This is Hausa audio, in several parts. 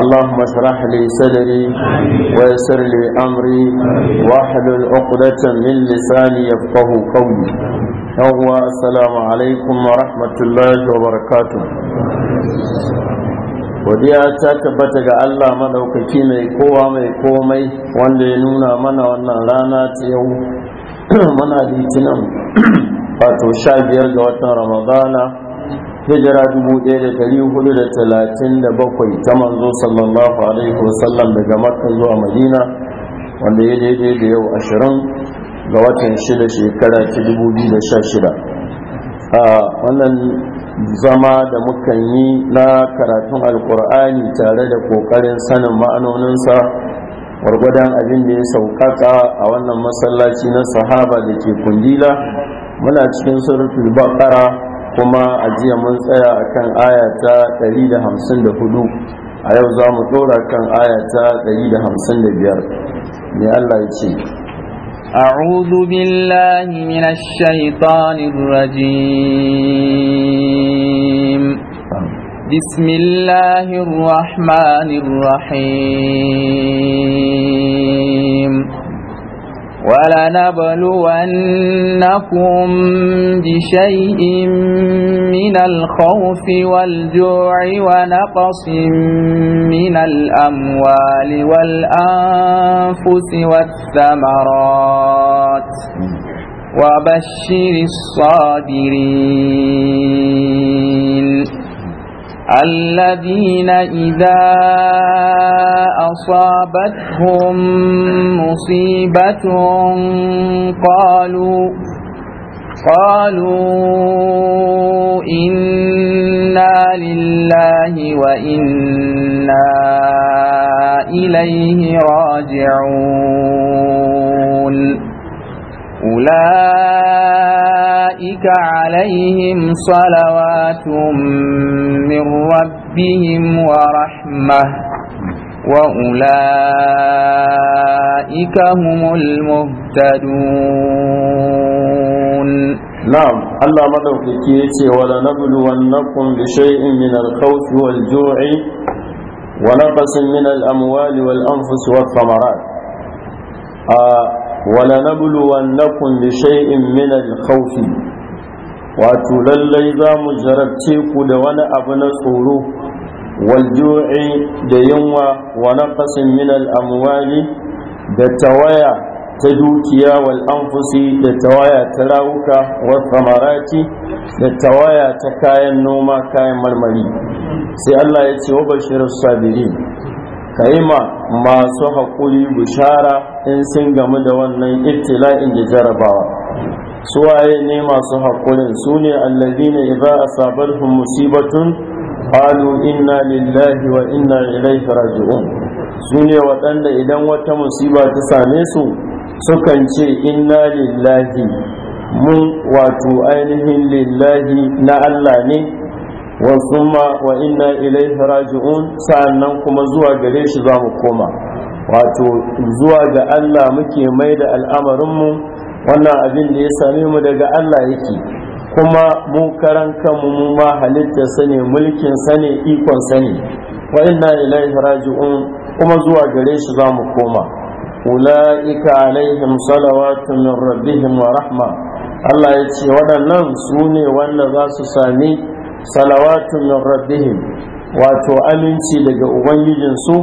اللهم اشرح لي صدري ويسر لي امري واحلل عقدة من لساني يفقه قولي yawwa assalamu alaikum wa rahmatullahi wa barakatu godiya ta tabbata ga Allah madaukaki mai kowa mai komai wanda ya nuna mana wannan rana ta yau muna litinin wato sha biyar ga watan ramadana hijira 1437 ta manzo sallallahu alaihi wasallam daga makka zuwa madina wanda ya daidai da yau 20 ga watan 6 shekara ta 2016 a wannan zama da mukan yi na karatun alkur'ani tare da kokarin sanin ma'anoninsa gwargwadon abin da ya sauƙaƙa a wannan masallaci na sahaba da ke kundila muna cikin ba baqara kuma a jiya mun tsaya a kan aya ta 154 a yau za mu ɗora kan aya ta 155 mai Allah ya ce أعوذ بالله من الشيطان الرجيم بسم الله الرحمن الرحيم ولنبلونكم بشيء من الخوف والجوع ونقص من الأموال والأنفس والثمرات وبشر الصابرين الذين إذا أصابتهم مصيبة قالوا قالوا إنا لله وإنا إليه راجعون أولئك ika alaihim salawatun min rabbihim wa rahma wa ulaika humul muhtadun na'am Allah madaukake yace wala nablu wannakum bi shay'in min al-khawf wal ju'i wa naqsin min al wal anfus wath thamarat ولنبلونكم بشيء من الخوف wato lallai za mu jarabce ku da wani abu na tsoro waljoi da yunwa wa naqasin min al-amwali da tawaya ta dukiya wal anfusi da tawaya ta rawuka wa samarati da tawaya ta kayan noma kayan marmari sai Allah ya ce wa bashirus sabirin ka yi ma masu haƙuri bishara in sun gamu da wannan ibtila'in da jarabawa suwaye ne masu haƙurin su ne allazina idza asabalhum musibatun qalu inna lillahi wa inna ilaihi raji'un su ne waɗanda idan wata musiba ta same su sukan ce inna lillahi mun wato ainihin lillahi na Allah ne ثم وإنا إليه kuma سأنكم زوا قريش زام koma? wato zuwa ga Allah muke mai da al'amarinmu wannan abin da ya sami mu daga Allah yake kuma mu karan kanmu mu ma halitta sani mulkin sani ikon sani? wa inna ilai haraji'un kuma zuwa gare shi za mu koma ula'ika alaihim salawatu min rabbihim wa rahma Allah ya ce waɗannan su ne wanda za su sami salawatun min rabbihim wato aminci daga ubangijinsu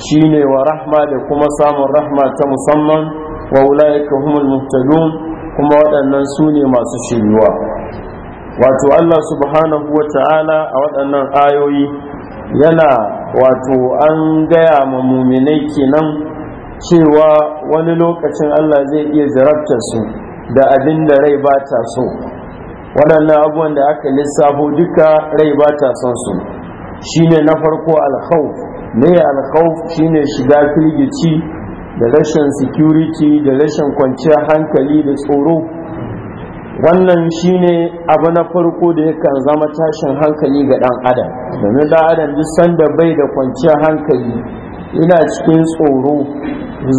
shine wa rahma da kuma samun rahma ta musamman wa ulaika humul muhtadun kuma waɗannan su ne masu shiriwa. wato Allah subhanahu wa ta'ala a waɗannan ayoyi yana wato an gaya ma muminai kenan cewa wani lokacin Allah zai iya jarabta su da abin da rai ba ta so waɗannan abubuwan da aka lissafo duka rai ba ta son su shine na farko alkhawf ne alkhawf shine shiga firgici da rashin security da rashin kwanciyar hankali da tsoro wannan shine abu na farko da yakan zama tashin hankali ga ɗan adam domin ɗan adam duk sanda bai da kwanciyar hankali ina cikin tsoro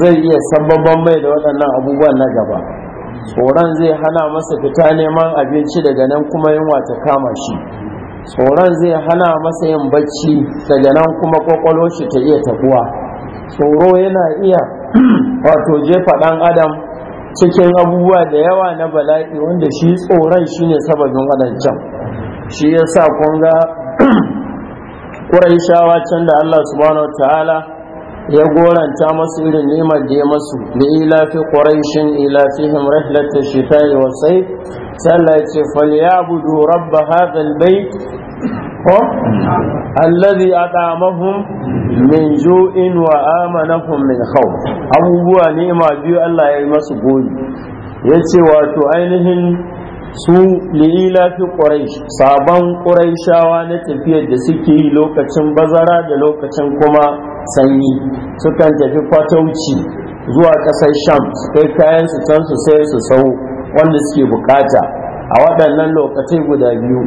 zai iya sababan mai da waɗannan abubuwan na gaba tsoron zai hana masa fita neman abinci daga nan kuma yunwa ta kama shi tsoron zai hana masa yin bacci daga nan kuma kwakwalo shi ta iya tabuwa tsoro yana iya wato jefa ɗan adam cikin abubuwa da yawa na bala'i wanda shi tsoron shi ne sababin wadancan shi ya sa kunga ƙuraishawa can da allah subhanahu wa ta'ala ya goranta masu irin neman da ya masu da ilafi ƙwaraishin ilafihim rahlata shita'i wa sai sallah ce budu rabba hadal bai ko allazi at'amahum min ju'in wa amanahum min hau? abubuwa nema biyu Allah ya yi masu Ya ce wato ainihin su fi ƙwarai, sabon ƙuraishawa na tafiyar da suke yi lokacin bazara da lokacin kuma sanyi sukan tafi kwatauci zuwa ƙasar sham su kai kayan su can su sai su sau wanda suke bukata a waɗannan lokacin guda biyu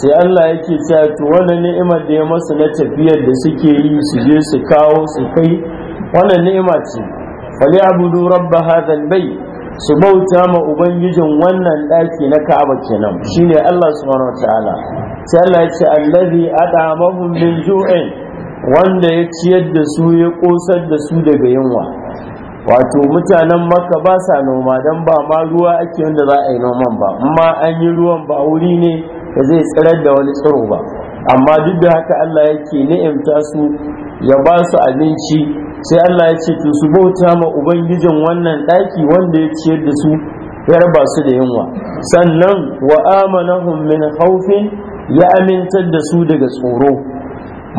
sai Allah yake cewa to wannan ni'imar da ya masu na tafiyar da suke yi su je su kawo su kai wannan ni'ima ce fali abudu rabba hadal bai su bauta ma ubangijin wannan ɗaki na ka'aba kenan shine Allah subhanahu wataala sai Allah ya ce allazi adamahum min ju'in wanda ya ciyar da su ya ƙosar da su daga yunwa wato mutanen maka ba sa noma don ba ma ruwa ake wanda za a yi noman ba amma an yi ruwan ba wuri ne da zai tsirar da wani tsiro ba amma duk da haka Allah yake ni'imta su ya ba su abinci sai Allah ya ce to su bauta ma ubangijin wannan ɗaki wanda ya ciyar da su ya raba su da yunwa sannan wa amanahum min khawfin ya amintar da su daga tsoro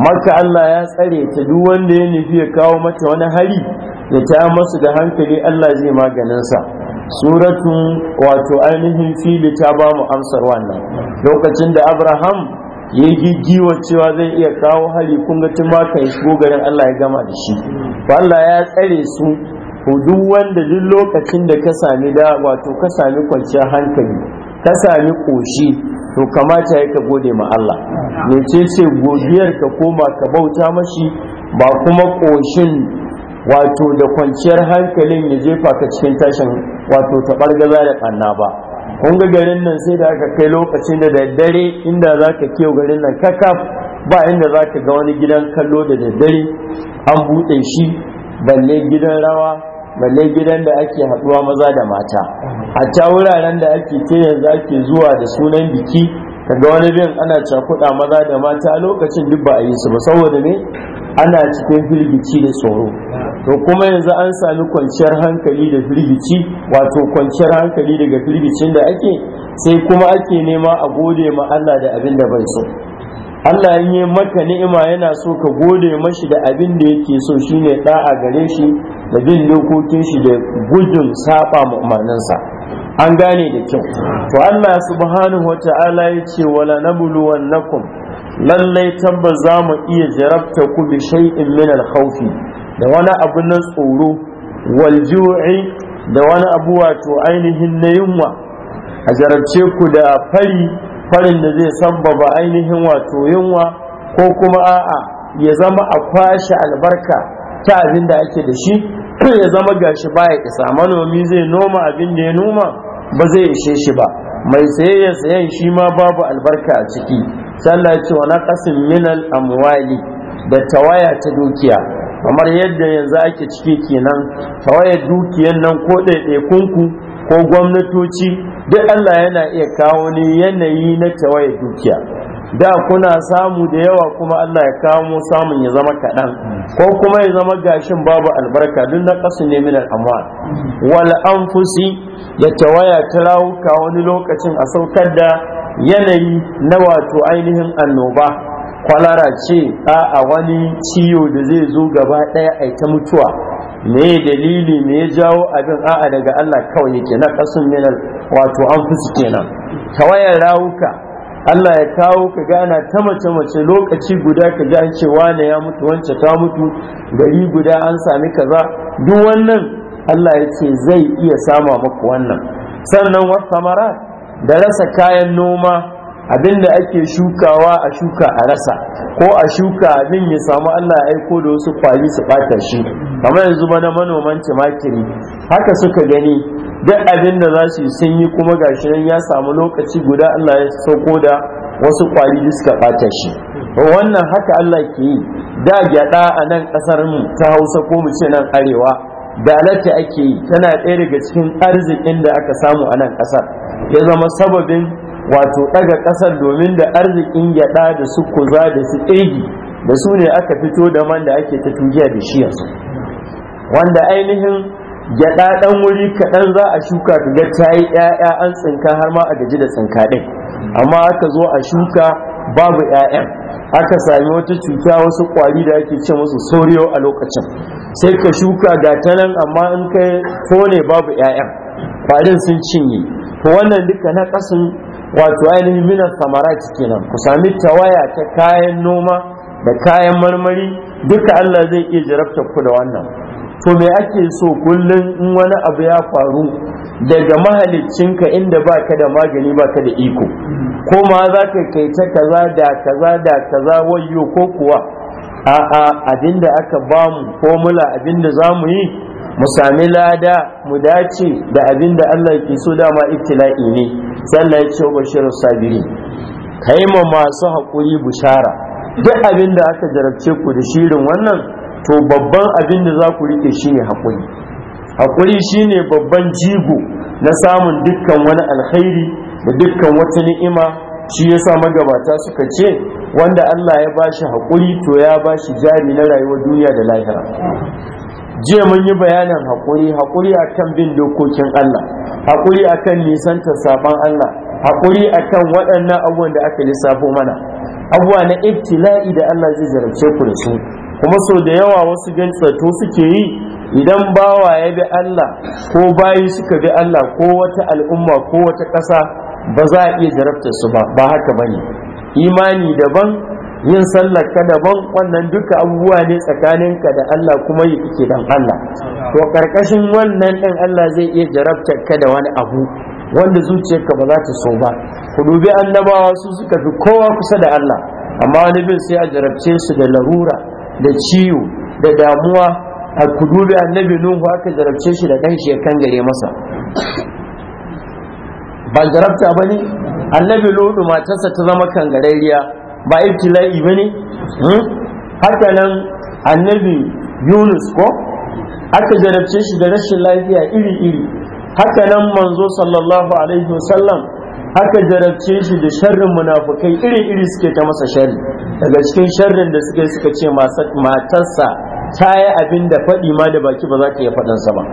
maka Allah ya tsare ta duk wanda ya nufi ya kawo mata wani hari ya ta masu da hankali Allah zai maganin sa. suratun wato ainihin fili ta ba mu amsar wannan lokacin da abraham ya yi giwa cewa zai iya kawo hari kun ga tun maka ya shigo garin Allah ya gama da shi Allah ya tsare su duk wanda duk lokacin da ka sami da wato ka sami kwanciyar hankali ka sami ƙoshi to kamata ya ka gode ma Allah ce godiyar ka koma ka bauta mashi ba kuma ƙoshin wato da kwanciyar hankalin ya jefa ka cikin tashin wato taɓargaza da ƙanna ba kun ga garin nan sai da aka kai lokacin da daddare inda za ka kewa garin nan kakaf ba inda za ka ga wani gidan kallo da daddare an buɗe shi balle gidan rawa balle gidan da ake haɗuwa maza da mata ta wuraren da ake ke yanzu ake zuwa da sunan biki kaga wani bin ana cakuɗa maza da mata lokacin duk ba a yi su ba saboda ne ana cikin firgici da tsoro to kuma yanzu an sami kwanciyar hankali da firgici wato kwanciyar hankali daga firgicin da ake sai kuma ake nema a gode ma Allah da abin da bai so Allah in yi maka ni'ima yana so ka gode mashi da abin da yake so shine da'a gare shi da bin dokokin shi da gudun saba umarninsa an gane da kyau to Allah subhanahu wata'ala ya ce wala nabluwannakum lallai tabbas za mu iya jarabta ku bi shay'in min al-khawfi da wani abu na tsoro wal ju'i da wani abu wato ainihin na yunwa a jarabce ku da fari farin da zai sabbaba ainihin wato yunwa ko kuma a'a ya zama a kwashe albarka ta abin da ake da shi ko ya zama gashi baya isa manomi zai noma abin da ya noma ba zai ishe shi ba mai saye ya sayan shi ma babu albarka a ciki sallah ce wa naqasin minal amwali da tawaya ta dukiya kamar yadda yanzu ake ciki kenan tawayar dukiyan nan ko ɗaiɗaikunku ko gwamnatoci duk Allah yana iya kawo ne yanayi na tawaye dukiya da kuna samu da yawa kuma Allah ya kawo samun ya zama kaɗan ko kuma ya zama gashin babu albarka duk na ƙasa ne min al'amwal wal anfusi ya tawaya ta rawuka wani lokacin a saukar da yanayi na wato ainihin annoba kwalara ce a wani ciwo da zai zo gaba ɗaya a ta mutuwa me dalili me ya jawo abin a'a daga Allah kawai yake na kasun minal wato an fusu kenan kawayar rawuka Allah ya kawo ka gana ta mace mace lokaci guda ka ga an ce wane ya mutu wance ta mutu gari guda an sami kaza duk wannan Allah ya ce zai iya sama maku wannan sannan wasu da rasa kayan noma Abin da ake shukawa a shuka a rasa ko a shuka abin ya samu Allah ya aiko da wasu kwali su bata shi kamar yanzu na manoman tumatiri haka suka gani duk abin da za su sun yi kuma gashi nan ya samu lokaci guda Allah ya sauko da wasu kwali da suka bata shi wannan haka Allah ke yi da gyada a nan kasar mu ta Hausa ko mu ce nan arewa da ake yi tana ɗaya daga cikin arzikin da aka samu a nan ƙasar, ya zama sababin wato ɗaga ƙasar domin da arzikin gyaɗa da su kuza da su ɗaiɗi da su ne aka fito da man da ake ta tujiya da shi yanzu wanda ainihin gyaɗa ɗan wuri kaɗan za a shuka kaga ga ta yi ‘ya'ya an tsinka har ma a gaji da tsinka ɗin amma aka zo a shuka babu ‘ya'yan aka sami wata cuta wasu ƙwari da ake ce musu soriyo a lokacin sai ka shuka ga ta nan amma in ka tone babu ‘ya'yan kwarin sun cinye wannan duka na ƙasin wato ainihin minan samarat kenan ku sami tawaya ta kayan noma da kayan marmari duka Allah zai iya jarabta ku da wannan to me ake so kullum in wani abu ya faru daga mahalicinka inda ba ka da magani ba ka da iko ko ma za ka kai ta kaza da kaza da kaza wayo ko kuwa a'a abinda aka bamu formula abinda za mu yi mu sami lada mu dace da abin da Allah ke so dama ibtila'i ne sallah ya ce wa biri sabiri kai ma masu hakuri bushara duk abin da aka jarabce ku da shirin wannan to babban abin da za ku rike shine haƙuri haƙuri shine babban jigo na samun dukkan wani alkhairi da dukkan wata ni'ima shi yasa magabata suka ce wanda Allah ya bashi hakuri to ya bashi jari na rayuwar duniya da lahira jiya mun yi bayanin haƙuri haƙuri akan bin dokokin Allah haƙuri akan nisanta sabon Allah haƙuri akan waɗannan abubuwan da aka lissafo mana abubuwa na ibtila'i da Allah zai zarafce ku da su kuma so da yawa wasu tsato suke yi idan bawa ya bi Allah ko bayi suka bi Allah ko wata al'umma ko wata ƙasa ba za a iya jarabta su ba ba haka bane imani daban yin sallar ka daban wannan duka abubuwa ne tsakanin ka da Allah kuma yi kike dan Allah to karkashin wannan din Allah zai iya jarabta ka da wani abu wanda zuciyarka ba za ta so ba ku dubi annabawa su suka fi kowa kusa da Allah amma wani bin sai a jarabce su da larura da ciwo da damuwa a ku dubi annabi Nuhu aka jarabce shi da dan shi kan gare masa ba jarabta bane annabi Lutu matarsa ta zama kangarariya ba ibtila'i ba ne hmm? haka nan annabi yunus ko aka jarabce shi da rashin lafiya iri-iri haka nan manzo sallallahu alaihi wasallam haka jarabce shi da sharrin munafukai iri-iri suke ta masa shari. daga cikin sharrin da suka suka ce matarsa ta yi abin da faɗi ma da baki ba za ta iya faɗansa ba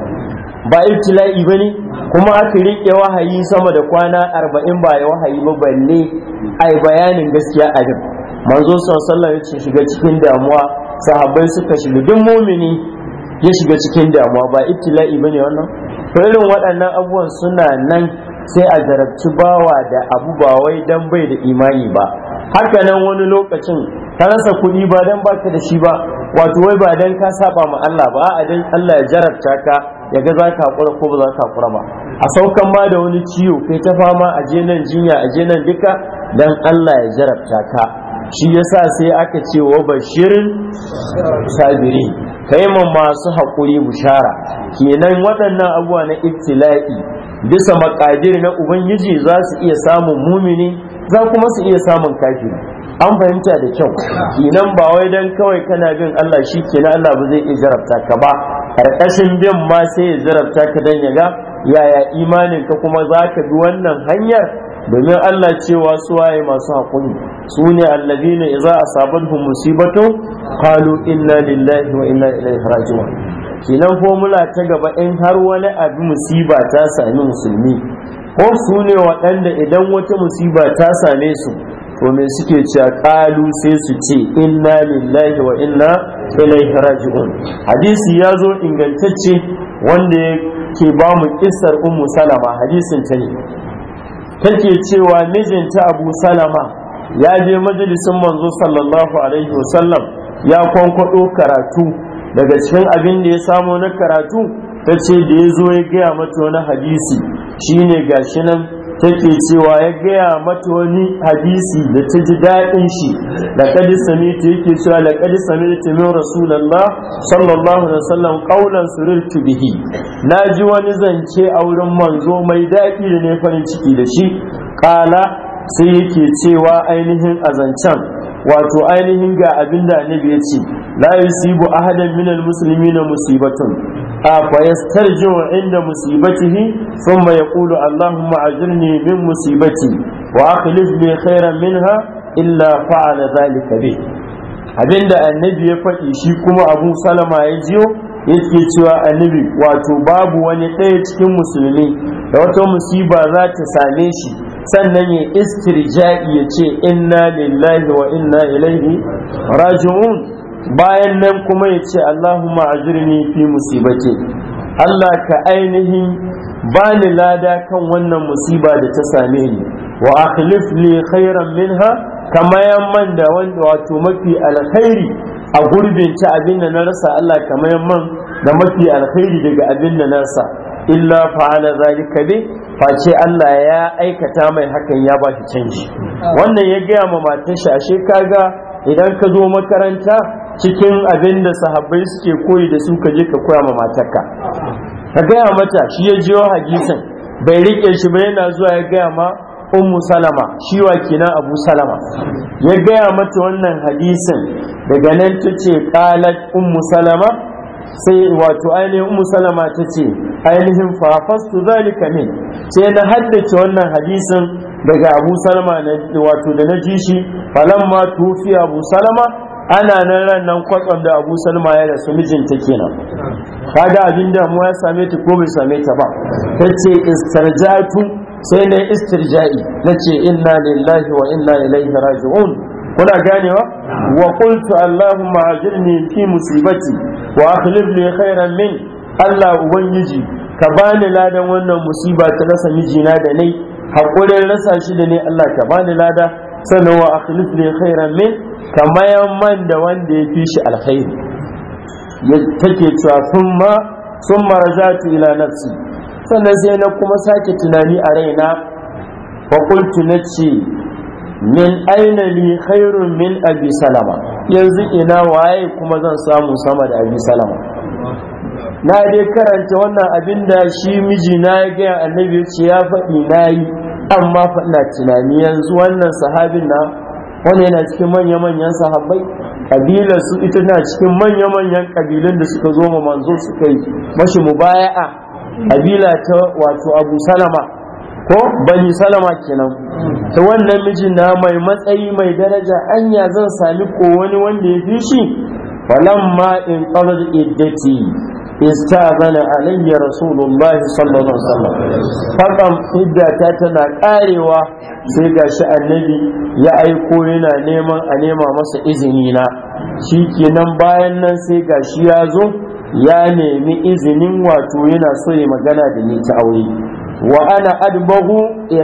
ba ibtila'i ba ne kuma aka riƙe wahayi sama da kwana arba'in ba ya wahayi ba balle ai bayanin gaskiya abin manzo sallallahu ya ce shiga cikin damuwa sahabbai suka shiga duk mumini ya shiga cikin damuwa ba ibtila'i ba ne wannan to waɗannan abubuwan suna nan sai a zarabci bawa da abu ba wai dan bai da imani ba haka nan wani lokacin ka rasa kuɗi ba dan baka da shi ba wato wai ba dan ka saba ma Allah ba a dan Allah ya jarabta ka ya ga za ka haƙura ko ba za ka haƙura ba a saukan ma da wani ciwo kai ta fama a je nan jinya a je nan duka dan Allah ya jarabta ka shi yasa sai aka ce wa bashirin sabiri kai ma masu haƙuri bushara kenan waɗannan abuwa na ibtila'i bisa makadir na ubangiji za su iya samun mumini za kuma su iya samun kafiri an fahimta da kyau kenan ba wai dan kawai kana bin Allah shi kenan Allah ba zai iya jarabta ka ba karkashin bin ma sai ya zarafta ka dan ya yaya imanin ka kuma za ka bi wannan hanyar domin Allah cewa su waye masu haƙuri su ne allazina idza asabatuhum musibatu qalu inna lillahi wa inna ilaihi raji'un kinan formula ta gaba in har wani abu musiba ta sami musulmi ko su ne waɗanda idan wata musiba ta same su to me suke cewa qalu sai su ce inna lillahi wa inna ilaihi raji'un hadisi ya zo ingantacce wanda yake ba mu kissar ummu salama hadisin ta ne take cewa mijinta abu salama ya je majalisin manzo sallallahu alaihi wasallam ya kwankwado karatu daga cikin abin da ya samo na karatu ta ce da ya zo ya gaya mata wani hadisi shine gashi nan take cewa ya gaya mata wani hadisi da ta ji daɗin shi sami ta yake cewa sami ta min rasulallah sallallahu alaihi wasallam surur tubihi na ji wani zance a wurin manzo mai daɗi da ne farin ciki da shi ƙala sai yake cewa ainihin a zancen wato ainihin ga abin da annabi ya ce la yusibu ahadan minal muslimina musibatun a fa yastarji'u inda musibatihi thumma yaqulu allahumma ajirni min musibati wa akhlif li khairan minha illa fa'ala zalika bi abinda annabi ya faɗi shi kuma abu salama ya jiyo yake cewa annabi wato babu wani ɗaya cikin musulmi da wata musiba za ta same shi sannan ya istirja'i ya ce inna lillahi wa inna ilaihi raji'un bayan nan kuma ya ce Allahumma ajirni fi musibati Allah ka ainihin ba ni lada kan wannan musiba da ta same ni wa akhlif li khairan minha kama yamman da wanda wato mafi alkhairi a gurbin ta abin da na rasa Allah kama yamman da mafi alkhairi daga abin da na rasa illa fa'ala zalika bi face Allah ya aikata mai hakan ya ba shi canji wannan ya gaya ma matar shi ashe kaga idan ka zo makaranta cikin abin da sahabbai suke koyi da su ka je ka koya ma matarka ka gaya mata shi ya jiyo hadisin bai rike shi ba yana zuwa ya gaya ma ummu salama shi wa kenan abu salama ya gaya mata wannan hadisin daga nan ta ce qalat ummu salama sai wato ainihin ummu salama ta ce ainihin fafastu zalika min sai na haddace wannan hadisin daga abu salama wato da na ji shi falamma tufi abu salama ana nan ran nan kwatsam da abu salama ya rasu mijinta kenan kada abin da mu ya same ta ko bai same ta ba ta ce istarjatu sai na istirja'i na ce inna lillahi wa inna ilaihi raji'un kuna ganewa wa qultu allahumma ajirni fi musibati wa akhlif li khairan min Allah ubangiji ka bani ladan wannan musiba ta rasa mijina da nai haƙurin rasa shi da ne Allah ka bani lada sannan wa akhlif li khairan min ka mayan man da wanda ya fi shi alkhairi ya take cewa summa summa rajatu ila nafsi sannan sai na kuma sake tunani a raina wa qultu nace min aina li khairun min abi salama yanzu ina waye kuma zan samu sama da abi salama na dai karanta wannan abin da shi miji na ya gaya annabi ce ya faɗi na yi amma faɗa tunani yanzu wannan sahabin na wani yana cikin manya-manyan sahabbai kabilar su ita na cikin manya-manyan kabilun da suka zo ma manzo suka yi mashi mubaya'a kabila ta wato abu salama ko bani salama kenan ta wannan mijin na mai matsayi mai daraja anya zan sami ko wani wanda ya fi shi falamma in qarar iddati Faɗa hidda ta tana karewa sai gashi annabi ya aiko yana neman anema masa izini izinina shikenan bayan nan sai gashi ya zo ya nemi izinin wato yana son magana da ni ta aure. Wa'ana adi ba hu I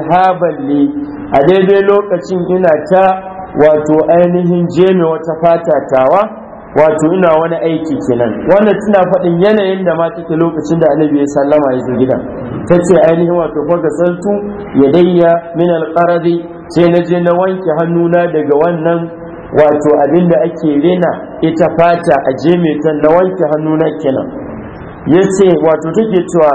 a daidai lokacin ina ta wato ainihin Jami wata fatatawa. wato ina wani aiki kenan wannan tana faɗin yanayin da ma take lokacin da annabi ya sallama ya zo gidan ta ce ainihin wato faga santu ya dayya min alqaradi sai na je na wanke hannuna daga wannan wato abin da ake rena ita fata a ta na wanke hannuna kenan ya ce wato take cewa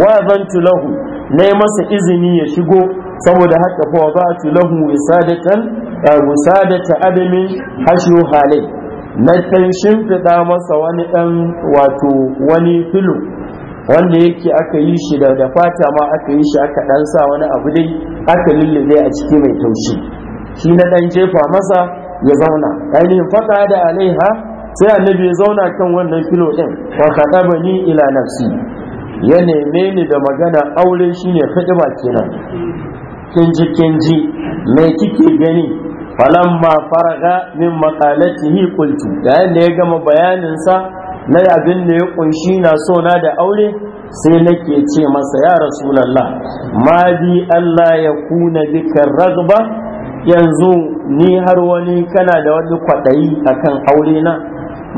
wa zantu lahu na yi masa izini ya shigo saboda haka fa wa ba'atu lahu wisadatan wisadata adamin hashu halai na kan shimfiɗa masa wani ɗan wato wani filo wanda yake aka yi shi da da fata ma aka yi shi aka ɗan sa wani abu dai aka lullube a ciki mai taushi shi na ɗan jefa masa ya zauna ainihin faɗa da alaiha sai annabi ya zauna kan wannan filo ɗin wa kaɗaba ni ila nafsi ya neme ni da magana aure shine ba kenan kinji kinji mai kike gani falamma faraga min maqalatihi qultu da yanda ya gama bayanin sa na abin da ya kunshi na so na da aure sai nake ce masa ya rasulullah ma bi Allah ya kuna bika ragba yanzu ni har wani kana da wani kwadayi akan aure na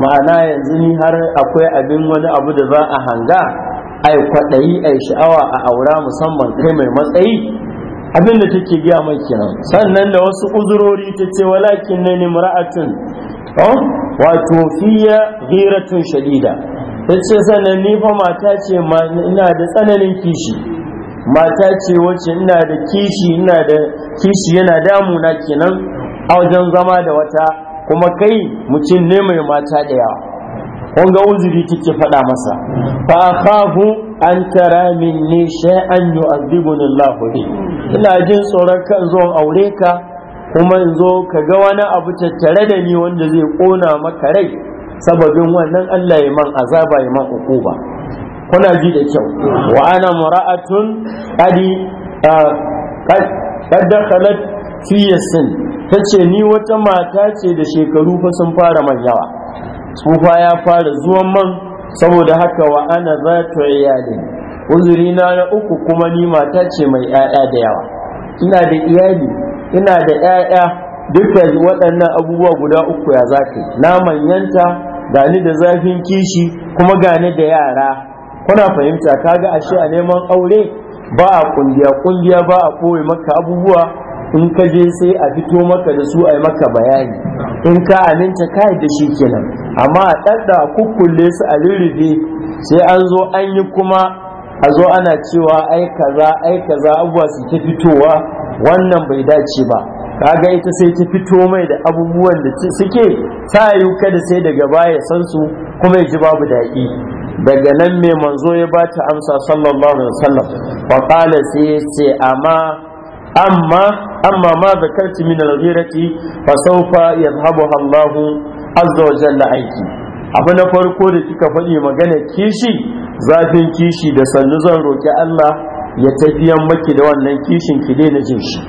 ma'ana yanzu ni har akwai abin wani abu da za a hanga ai kwadayi ai sha'awa a aura musamman kai mai matsayi abin da take giya mai kenan sannan da wasu uzurori ta ce walakin na ne mura'atun oh, wato fiya ghiratun shadida ta ce sannan ni fa mata ce ina da tsananin kishi mata ce wacce ina da kishi ina da kishi yana damuna kenan a wajen zama da wata kuma kai mutum ne mai mata da yawa kun ga uzuri kike faɗa masa fa khafu an tara minni shay'an yu'adhibuni Allah bi ina jin tsoron kan zo aure ka kuma in zo ka ga wani abu tattare da ni wanda zai kona maka rai sababin wannan Allah ya man azaba ya man ukuba kuna ji da kyau wa ana mura'atun adi kad dakhalat fi yasin tace ni wata mata ce da shekaru fa sun fara manyawa tsufa ya fara zuwan man saboda haka wa ana za ta iyalin uzuri na na uku kuma ni mata ce mai 'ya'ya da yawa ina da iyali ina da 'ya'ya duka waɗannan abubuwa guda uku ya za ka yi na manyanta gani da zafin kishi kuma gani da yara kuna fahimta kaga ashe a neman aure ba a kungiya kungiya ba a koyi maka abubuwa in ka je sai a fito maka da su a yi maka bayani in ka aminta ka da shi kenan amma a ɗaɗa kukkulle su a lullufe sai an zo an yi kuma a zo ana cewa ai kaza ai kaza abubuwa su ta fitowa wannan bai dace ba Ka ga ita sai ta fito mai da abubuwan da suke ta yi kada sai daga baya san su kuma ya ji babu daɗi daga nan mai manzo ya ba ta amsa sallallahu alaihi wasallam fa qala sai ce amma amma amma ما ذكرت من al فسوف fa الله عز Allah azza wa jalla aiki abu na farko da kika faɗi magana kishi zafin kishi da sannu zan roki Allah ya tafiyan maki da wannan kishin ki daina jin shi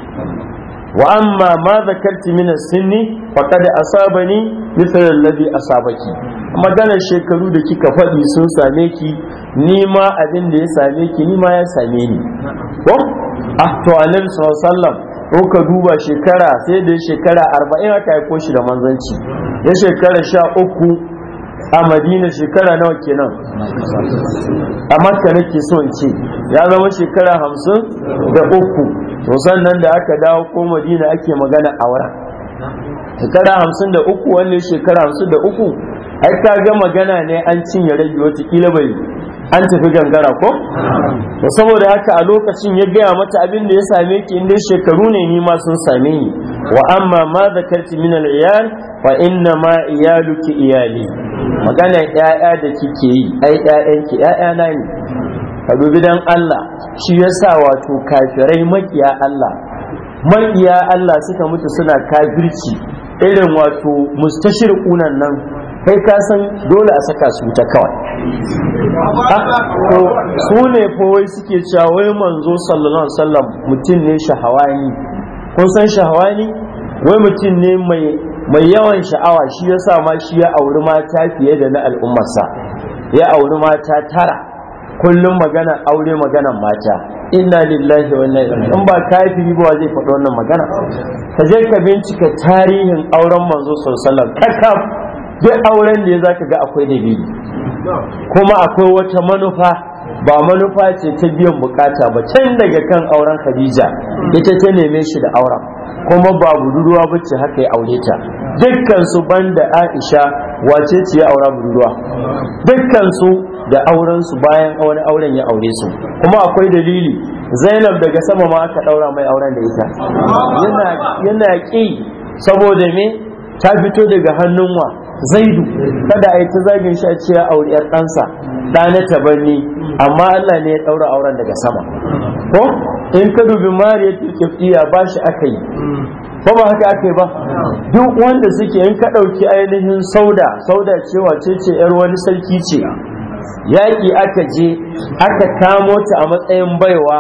wa amma ma zakarti min as-sinni kad asabani misal alladhi asabaki maganar shekaru da kika faɗi sun same ki nima abin da ya same ki ni ya same ni ah to annabi sallallahu alaihi wa ko ka duba shekara sai da shekara 40 aka aiko koshi da manzanci ya shekara 13 a madina shekara nawa kenan a makka nake so in ce ya zama shekara hamsin da uku to sannan da aka dawo ko madina ake magana a wara shekara hamsin da uku wannan shekara hamsin da uku ai ta ga magana ne an cinye rage watakila bai an tafi gangara ko to saboda haka a lokacin ya gaya mata abin da ya same ki inda shekaru ne ni ma sun same ni wa amma ma zakarti min al-iyal fa inna ma iyaluki iyali magana yaya da kike yi ai yayanki ki yaya na ne ka dubi dan Allah shi yasa wato kafirai makiya Allah makiya Allah suka mutu suna kafirci irin wato mustashirqunan nan kai ka san dole a saka su ta kawai ah, to su ne wai suke cewa wai manzo sallallahu alaihi wasallam mutum ne shahawani kun san shahawani wai mutum ne mai mai yawan sha'awa shi ya sa ma shi ya auri mata fiye da na al'ummarsa ya auri mata tara kullum magana aure maganan mata inna lillahi wa inna ilaihi in ba kafiri ba zai faɗi wannan magana ka je ka bincika tarihin auren manzo sallallahu alaihi wasallam duk auren da ya ka ga akwai dalili kuma akwai wata manufa ba manufa ce ta biyan bukata ba can daga kan auren khadija ita ta neme shi da auren kuma ba budurwa ba ce haka ya aure ta dukkan su banda aisha wace ce ya aura budurwa dukkan su da auren su bayan wani auren ya aure su kuma akwai dalili zainab daga sama ma aka daura mai auren da ita yana yana ki saboda me ta fito daga hannun wa zaidu kada a yi ta zagin shi a ce a ɗansa ɗa na tabanni amma Allah ne ya ɗaura auren daga sama ko in ka dubi mariyatul kiftiya ba shi aka yi ko ba haka aka yi ba duk wanda suke in ka ɗauki ainihin sauda sauda cewa ce ce yar wani sarki ce yaƙi aka je aka kamo ta a matsayin baiwa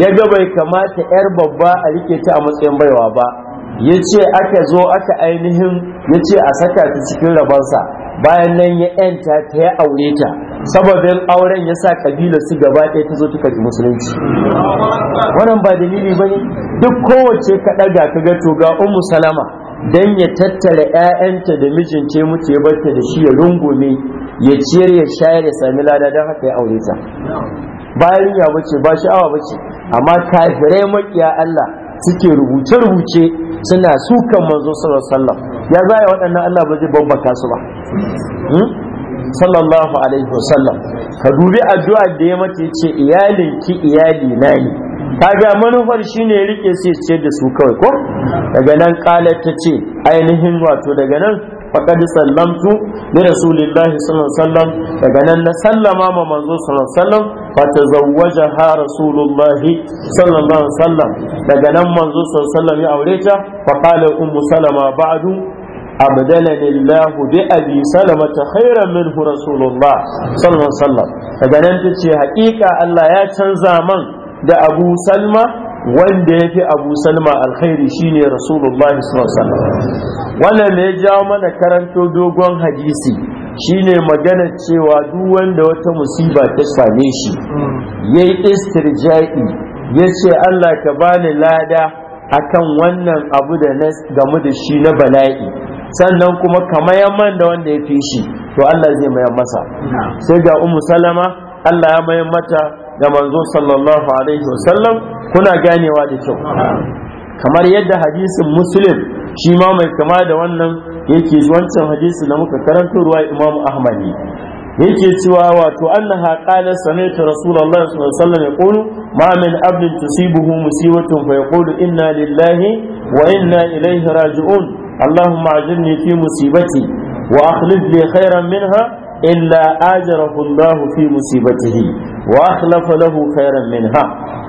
ya ga bai kamata yar babba a rike ta a matsayin baiwa ba ya ce aka zo aka ainihin ya ce a saka ta cikin rabonsa bayan nan ya yanta ta ya aure ta sababin auren ya sa kabila su gaba ɗaya ta zo ta musulunci wannan ba dalili ba ne duk kowace ka ɗaga ka ga to ga salama dan ya tattara 'ya'yanta da mijince mutu ya barta da shi ya rungume ya ciyar ya shayar ya sami lada don haka ya aure ta bayan ya bace ba sha'awa bace amma kafirai makiya Allah suke rubuce-rubuce suna sukan manzo sallallahu ya zaya waɗannan Allah ba zai bambaka su ba hmm? sallallahu alaihi wasallam ka dubi addu'a da ya mace ce iyalin ki iyali na ne kaga manufar shine rike sai ce da su kawai ko daga nan kalar ta ce ainihin wato daga nan faqad sallamtu li rasulillahi sallallahu alaihi wasallam daga nan na sallama ma manzo sallallahu alaihi wasallam fatazawwajaha rasulullahi sallallahu alaihi wasallam daga nan manzo sallallahu alaihi wasallam ya aure ta fa qala ummu salama ba'du abdalani Allah bi abi salama ta khairan minhu rasulullah sallallahu alaihi wasallam daga nan tace haƙiƙa Allah ya canza man da Abu Salma wanda ya fi abu salma alkhairi shine rasulullahi sallallahu wannan ne ya jawo mana karanto dogon hadisi shine magana cewa duk wanda wata musiba ta same shi yayi istirja'i yace Allah ka bani lada akan wannan abu da na gamu da shi na bala'i sannan kuma kamar man da wanda ya fi shi to Allah zai mayar masa sai ga ummu salama Allah ya mayar mata da manzo sallallahu alaihi wasallam kuna ganewa da kyau kamar yadda hadisin muslim shi ma mai kama da wannan yake wancan hadisin da muka karanto ruwa imamu ahmad ne yake cewa wato annaha qala sami'tu rasulullahi sallallahu alaihi wasallam yaqulu ma min abdin tusibuhu musibatun fa yaqulu inna lillahi wa inna ilaihi raji'un allahumma ajirni fi musibati wa akhlif li khairan ha? إلا آجره الله في مصيبته وأخلف له خيرا منها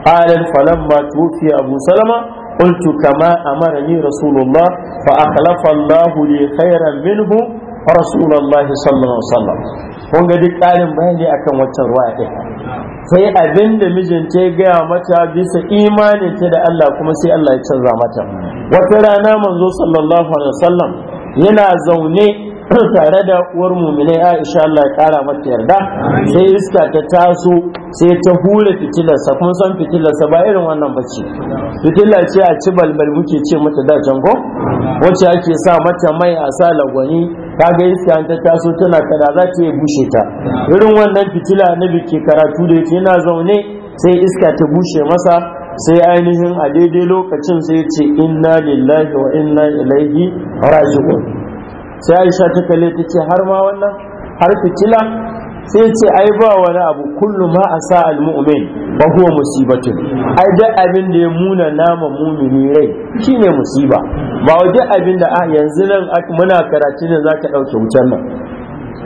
قال فلما توفي أبو سلمة قلت كما أمرني رسول الله فأخلف الله لي خيرا منه رسول الله صلى الله عليه وسلم kun ga duk ƙarin bayani akan waccan ruwa ɗin sai abinda mijinta ya gaya mata bisa imaninta da Allah kuma sai Allah ya canza mata wata rana manzo sallallahu alaihi yana zaune tare da uwar muminai Aisha Allah ya kara mata yarda sai iska ta taso sai ta hura fitilarsa kun san fitilarsa ba irin wannan bace fitila ce a ci balbal muke ce mata da jango wacce ake sa mata mai a sa lagwani kaga iska ta taso tana kada za ta bushe ta irin wannan fitila na ke karatu da yake yana zaune sai iska ta bushe masa sai ainihin a daidai lokacin sai ce inna lillahi wa inna ilaihi raji'un sai aisha ta kalle ta ce har ma wannan har fitila sai ce ai ba wani abu kullu ma a sa al-mu'min ba huwa musibatun ai duk abin da ya muna nama mumini rai shine musiba ba wa duk abin da ah, yanzu nan muna karatu ne zaka ɗauke wutar nan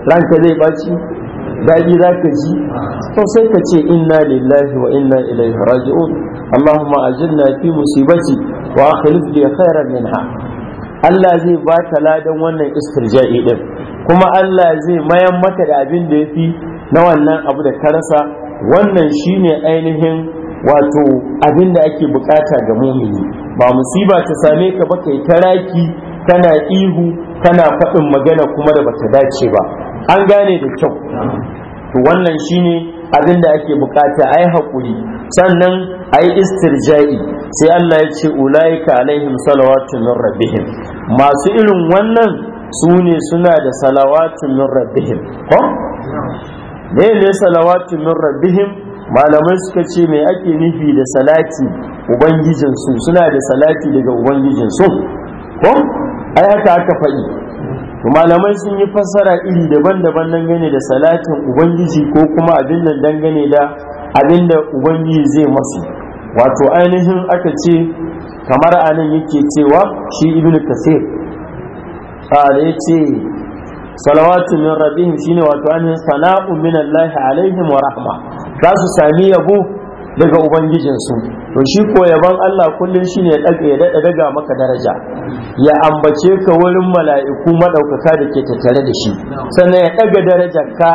ranka zai baci daɗi za ka ji to sai ka ce inna lillahi wa inna ilaihi raji'un allahumma ajirna fi musibati wa akhlif li khairan minha Allah zai ba ta ladan wannan istirja'i din kuma Allah zai mayan mata da abin da yafi na wannan abu da karasa wannan shine ainihin wato abin da ake bukata ga mumini ba musiba ta same ka ba kai taraki kana ihu kana faɗin magana kuma da bata dace ba an gane da kyau to wannan shine abin da ake bukata ai haƙuri sannan ai istirja'i sai Allah ya ce ulaika alaihim salawatun min rabbihim masu irin wannan sune suna da salawatun min rabbihim ko ne ne salawatun min rabbihim malamai suka ce me ake nufi da salati ubangijinsu suna da salati daga ubangijin su, ko ai haka aka faɗi malamai sun yi fassara iri daban-daban dangane da salatin ubangiji ko kuma abin da dangane da abin da ubangiji zai masu wato ainihin aka ce kamar anan yake cewa shi ibn kasir da ya ce salawatu min rabbihim shine wato ainihin sana'u min allahi alaihim wa rahma za su sami yabo daga ubangijinsu to shi ko yaban Allah kullum shi ne ya daɗa daga maka daraja ya ambace ka wurin mala'iku maɗaukaka da ke tattare da shi sannan ya ɗaga daraja ka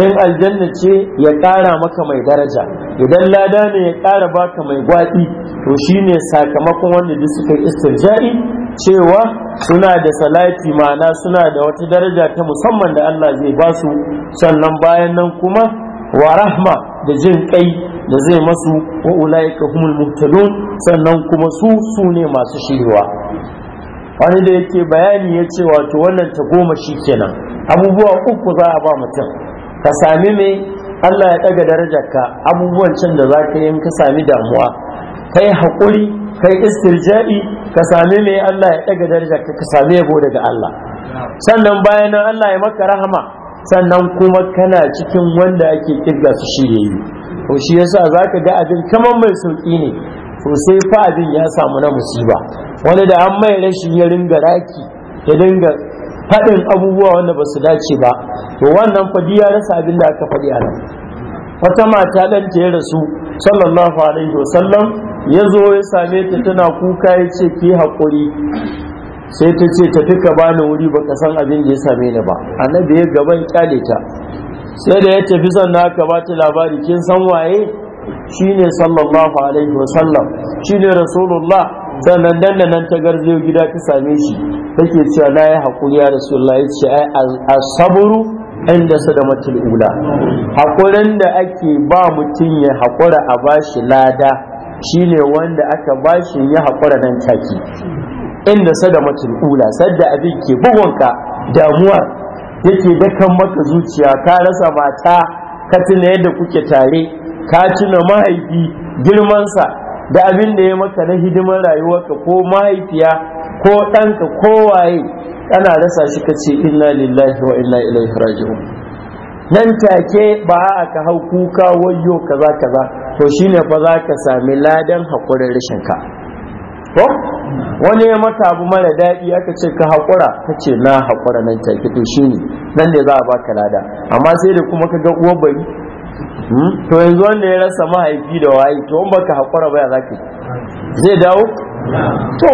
in aljanna ce ya ƙara maka mai daraja idan lada ne ya ƙara baka mai gwaɗi to ne sakamakon wanda duk suka istirja'i cewa suna da salati ma'ana suna da wata daraja ta musamman da Allah zai ba su sannan bayan nan kuma wa rahma da jin kai da zai masu wa ulaika humul muhtadun sannan kuma su su ne masu shirwa wani da yake bayani ya ce wato wannan ta goma shi kenan abubuwa uku za a ba mutum ka sami mai Allah ya ɗaga ka abubuwan can da za ka yi ka sami damuwa kai haƙuri kai istirja'i ka sami mai Allah ya ɗaga darajarka ka sami yabo daga Allah sannan bayan Allah ya maka rahama sannan kuma kana cikin wanda ake kirga su shi da yi to shi yasa ka ga abin kamar mai sauki ne to sai fa abin ya samu na musiba wani da an mai rashi ya ringa raki ya dinga faɗin abubuwa wanda ba su dace ba to wannan fadi ya rasa abin da aka faɗi a nan wata mata ɗanta ya rasu sallallahu alaihi wasallam ya zo ya same ta tana kuka ya ce ki haƙuri sai ta ce ta fi ka bani wuri ba ka san abin da ya same ni ba annabi ya gaban kyale ta sai da ya tafi sannan aka ba ta labari kin san waye shine sallallahu alaihi wasallam shine rasulullah sannan dan nan ta garzayo gida ta same shi take cewa na yi hakuri ya rasulullah ya ce ai a inda su da matul ula haƙurin da ake ba mutum ya hakura a bashi lada shine wanda aka bashi ya hakura nan take inda sadamatul ula sadda abin ke bugunka damuwa yake dakan maka zuciya ka rasa mata ka tuna yadda kuke tare ka tuna mahaifi girmansa da abin da ya maka na hidimar rayuwarka ko mahaifiya ko ɗanka ko waye kana rasa shi ka ce inna lillahi wa inna ilaihi raji'un nan take ba a ka hau kuka wayo kaza kaza to shine fa zaka sami ladan haƙurin rashin ka ko wani ya mata abu mara daɗi aka ce ka haƙura ka ce na haƙura nan take to shi ne nan ne za a baka lada amma sai da kuma ka ga uwar bari hmm? to yanzu wanda ya rasa mahaifi da waye to in baka haƙura baya za ka zai dawo to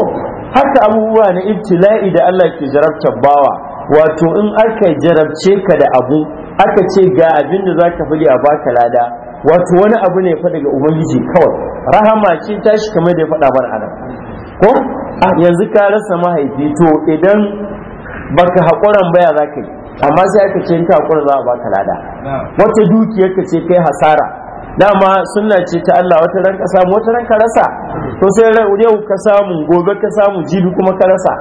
haka abubuwa na ibtila'i da Allah ke jarabtar bawa wato in aka jarabce ka da abu aka ce ga abin da za ka fi a baka lada wato wani abu ne fa daga ubangiji kawai rahama ce ta shi kamar da ya faɗa mana anan ko yanzu ka rasa mahaifi to idan baka haƙuran baya za ka yi amma sai aka ce ka haƙura za a baka lada wata dukiyar ka ce kai hasara dama sunna ce ta Allah wata ran ka samu wata ran ka rasa to sai yau ka samu gobe ka samu jibi kuma ka rasa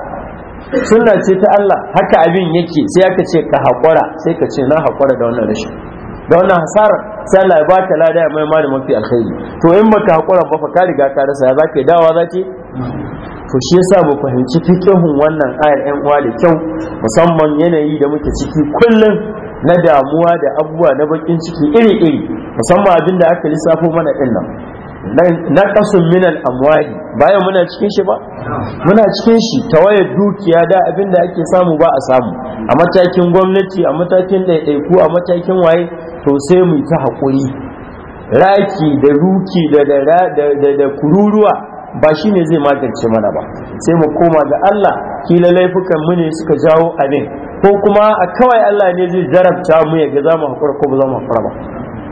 sunna ce ta Allah haka abin yake sai aka ce ka haƙura sai ka ce na haƙura da wannan rashin da wannan hasarar sai Allah ya ba ka lada ya mai da mafi alkhairi to in baka hakura ba fa ka riga ka rasa ya zaka dawa zaki to shi yasa mu fahimci fikihun wannan ayar ɗan uwa da kyau musamman yanayi da muke ciki kullum na damuwa da abubuwa na bakin ciki iri-iri musamman abin da aka lissafo mana ɗin nan na kasun minal amwali bayan muna cikin shi ba muna cikin shi ta waye dukiya da abin da ake samu ba a samu a matakin gwamnati a matakin ɗaiɗaiku a matakin waye to sai mu ta haƙuri raki da ruki da kururuwa ba shine zai magance mana ba sai mu koma ga Allah kila laifukan mu ne suka jawo abin ko kuma a kawai Allah ne zai jarabta mu ya ga za mu haƙura ko ba za mu haƙura ba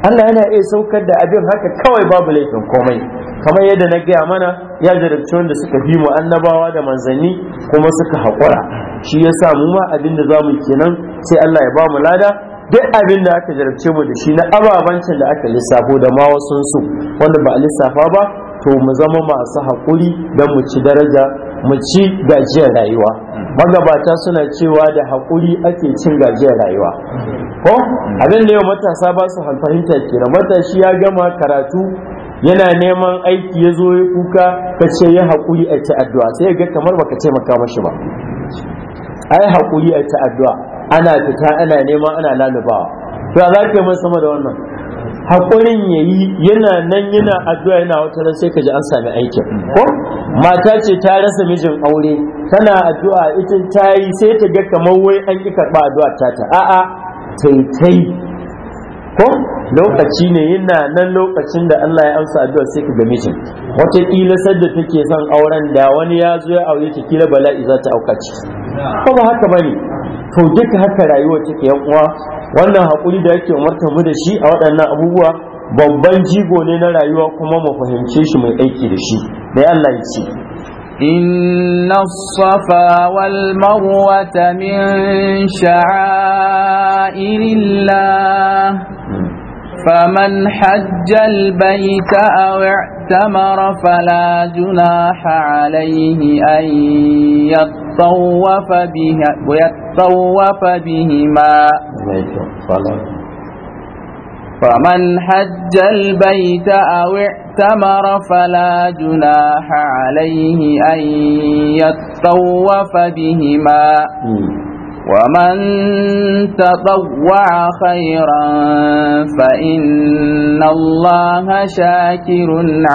Allah yana iya saukar da abin haka kawai babu laifin komai kamar yadda na gaya mana ya jarabci wanda suka bi mu annabawa da manzanni kuma suka hakura shi ya mu ma abin da za kenan sai Allah ya ba mu lada duk abin da aka jarabce mu da shi na ababancin da aka lissafo da ma wasu su wanda ba a lissafa ba to mu zama masu haƙuri don mu ci daraja mu ci gajiyar rayuwa magabata suna cewa da haƙuri ake cin gajiyar rayuwa ko abin da yau matasa ba su fahimta kenan matashi ya gama karatu yana neman aiki ya zo ya kuka ka ce ya haƙuri a ta addu'a sai ga kamar baka ce maka mashi ba ai haƙuri a ta'addu'a ana fita ana nema ana lalubawa to za ka mai sama da wannan haƙurin ya yi yana nan yana addu'a yana wata ran sai kaji an sami aiki. ko mata ce ta rasa mijin aure tana addu'a ita ta yi sai ta ga kamar wai an ki karɓa addu'a ta ta a'a taitai ko lokaci ne yana nan lokacin da Allah ya amsa addu'a sai ka ga mijin wataƙila sadda take son auren da wani ya zo ya aure ta kila bala'i za ta auka ci ko ba haka bane to duka haka rayuwa take yan uwa wannan hakuri da yake umarta da shi a waɗannan abubuwa babban jigo ne na rayuwa kuma mu fahimce shi mai aiki da shi da Allah ya ce inna safa wal من min الله hmm. faman hajjal البيت aw ثمر فلا جناح عليه أن يطوف بها ويطوف بهما فمن حج البيت أو اعتمر فلا جناح عليه أن يطوف بهما ومن تطوع خيرا فإن الله شاكر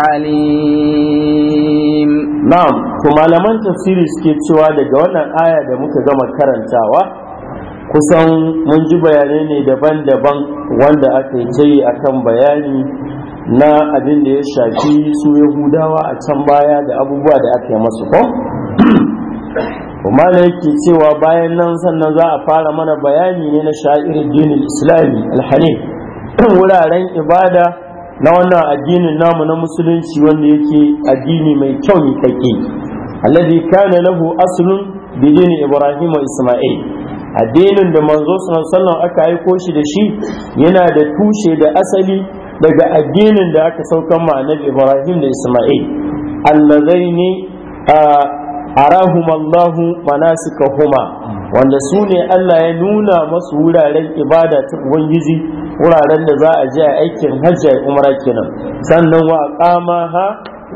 عليم نعم كما لمن تفسيري سكيتشوا daga wannan aya da muka gama karantawa kusan mun ji bayanai ne daban-daban wanda aka yi ta yi akan bayani na abin da ya shafi su yahudawa a can baya da abubuwa da aka yi masu ko kuma da yake cewa bayan nan sannan za a fara mana bayani ne na sha'irin dinin islami ɗin wuraren ibada na wannan addinin namu na musulunci wanda yake addini mai kyau mai kake alladhi kana lahu aslun bi dini ibrahim wa isma'il addinin da manzo sallallahu aka aiko shi da shi yana da tushe da asali daga addinin da aka saukan ma annabi ibrahim da isma'il allazaini arahumallahu manasikahuma wanda su ne Allah ya nuna masu wuraren ibada ta Ubangiji wuraren da za a je a aikin hajji a umra kenan sannan wa qama ha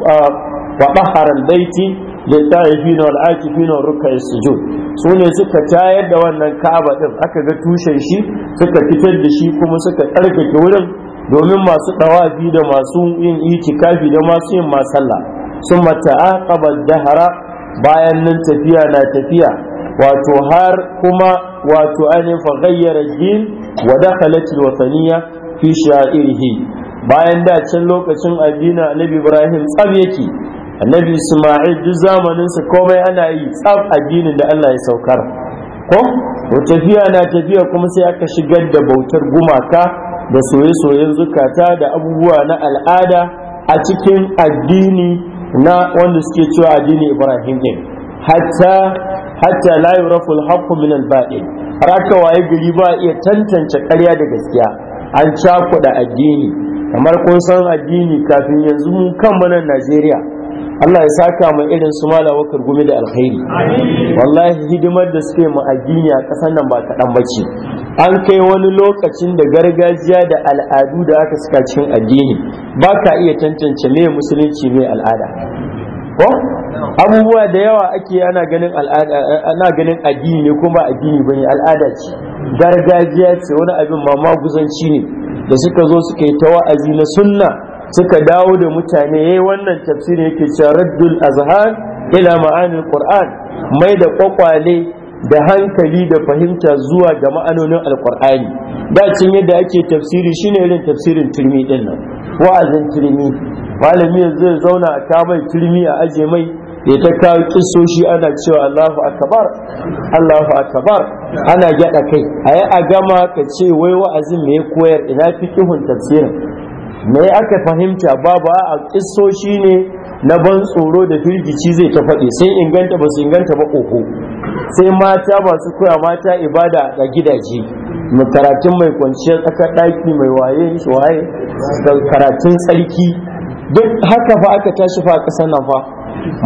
wa baharal baiti na wal akifin na ruk'a'is sujud su ne suka tayar da wannan Ka'aba din aka ga tushen shi suka fitar da shi kuma suka tsarkake wurin domin masu dawafi da masu yin itikafi da masu yin masalla sun mata'aqaba dahara bayan nan tafiya na tafiya wato har kuma wato an fa gayyara din wa dakhalat alwathaniya fi sha'irihi bayan da can lokacin addinin annabi Ibrahim tsab yake annabi Isma'il duk zamanin sa komai ana yi tsab addinin da Allah ya saukar ko to tafiya na tafiya kuma sai aka shigar da bautar gumaka da soye-soyen zukata da abubuwa na al'ada a cikin addini na wanda suke cewa addini ibrahim din hatta hatta la yurafu al min al waye gari ba iya tantance ƙarya da gaskiya an cakuɗa addini kamar kun san addini kafin yanzu mu kan manan Najeriya Allah ya saka mu irin su wakar gumi da alkhairi wallahi hidimar da suke mu addini a ƙasar nan ba kaɗan ba ce an kai wani lokacin da gargajiya da al'adu da aka saka cikin addini ba ka iya tantance me musulunci me al'ada ko abubuwa da yawa ake ana ganin al'ada ana ganin addini ne kuma ba addini bane al'ada ce gargajiya ce wani abin ma maguzanci ne da suka zo suka yi ta wa'azi na sunna suka dawo da mutane yayi wannan tafsiri yake cewa raddul Azhar, ila ma'anil qur'an mai da kwakwale da hankali da fahimta zuwa ga ma'anonin alqur'ani cin yadda ake tafsiri shine irin tafsirin turmi din nan wa'azin turmi malami yanzu zai zauna a kamar turmi a aje mai ya ta kawo kisoshi ana cewa Allahu akbar Allahu akbar ana gyada kai ayi a gama ka ce wai wa'azin me koyar ina fikihun tafsirin me aka fahimta babu a kissoshi ne na ban tsoro da firgici zai ta faɗi sai inganta ba su inganta ba oho sai mata masu koya mata ibada a gidaje karatun mai kwanciyar tsakar ɗaki mai waye waye karatun tsarki duk haka fa aka tashi fa a ƙasar nan fa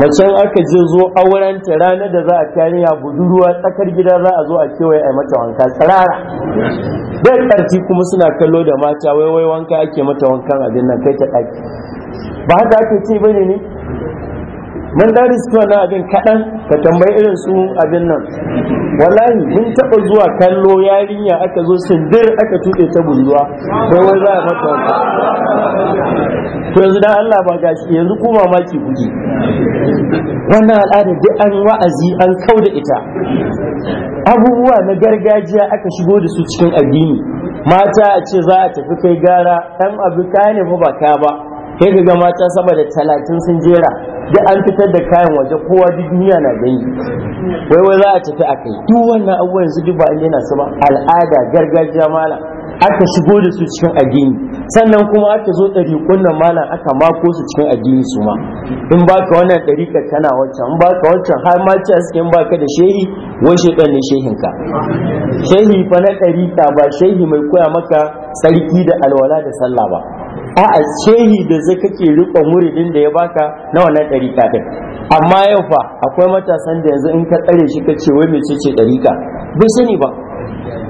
macen aka je zo aurenta ranar da za a ya budurwa tsakar gida za a zo a kewaye a mata wanka tsirara bai karti kuma suna kallo da mata waiwai wanka ake mata wankan abin nan kai ta ɗaki ba haka ake ce ba ne Mun da riski na abin kaɗan ka tambayi irin su abin nan wallahi mun taɓa zuwa kallo yarinya aka zo sindir aka tuɗe ta bunduwa sai wai za a mata to yanzu dan Allah ba gashi yanzu ko mamaki kuke wannan al'ada duk an wa'azi an kauda ita abubuwa na gargajiya aka shigo da su cikin addini mata a ce za a tafi kai gara dan abu kane fa ba ka ba kai ga mata sama da talatin sun jera da an fitar da kayan waje kowa duniya na gani wai wai za a tafi a kai duk wannan abubuwan yanzu duk ba inda yana su ba al'ada gargajiya mala aka shigo da su cikin addini sannan kuma aka zo ɗari kunnan malam aka mako su cikin addini su ma in baka wannan ɗarikar tana wancan, in baka wancan, har ma ci suke in baka da shehi wai shaidan ne ka shehi fa na ɗarika ba shehi mai koya maka sarki da alwala da sallah ba a'a shehi da zai kake riƙon muridin da ya baka na wannan ɗariƙa ɗin amma yau fa akwai matasan da yanzu in ka tsare shi ka ce wai ɗari ka, bai sani ba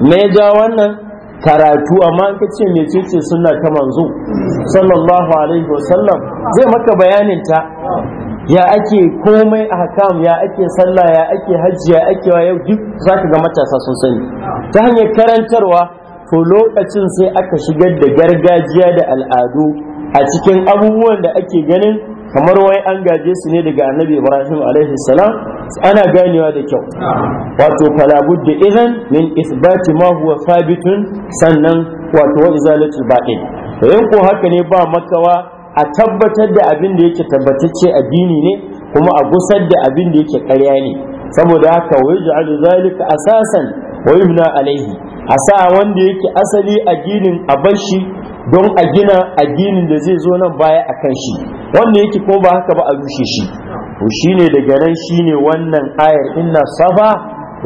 me ja wannan karatu amma ka ce ce suna ta manzo sallallahu alaihi wasallam zai maka bayanin ta ya ake komai a hakam ya ake sallah ya ake hajji ya ake wa yau duk zaka ga matasa sun sani ta hanyar karantarwa to lokacin sai aka shigar da gargajiya da al'adu a cikin abubuwan da ake ganin kamar wai an gaje su ne daga annabi ibrahim alaihi salam ana ganewa da kyau wato falabud da idan min isbati ma huwa sabitun sannan wato wa izalatul to in ko haka ne ba makawa a tabbatar da abin da yake tabbatacce addini ne kuma a gusar da abin da yake ƙarya ne saboda haka wai ja'alu zalika asasan wa yubna alaihi a sa wanda yake asali addinin a bar shi don a gina addinin da zai zo nan baya a kan shi wanda yake ko ba haka ba a rushe shi to shine daga nan shine wannan ayar inna safa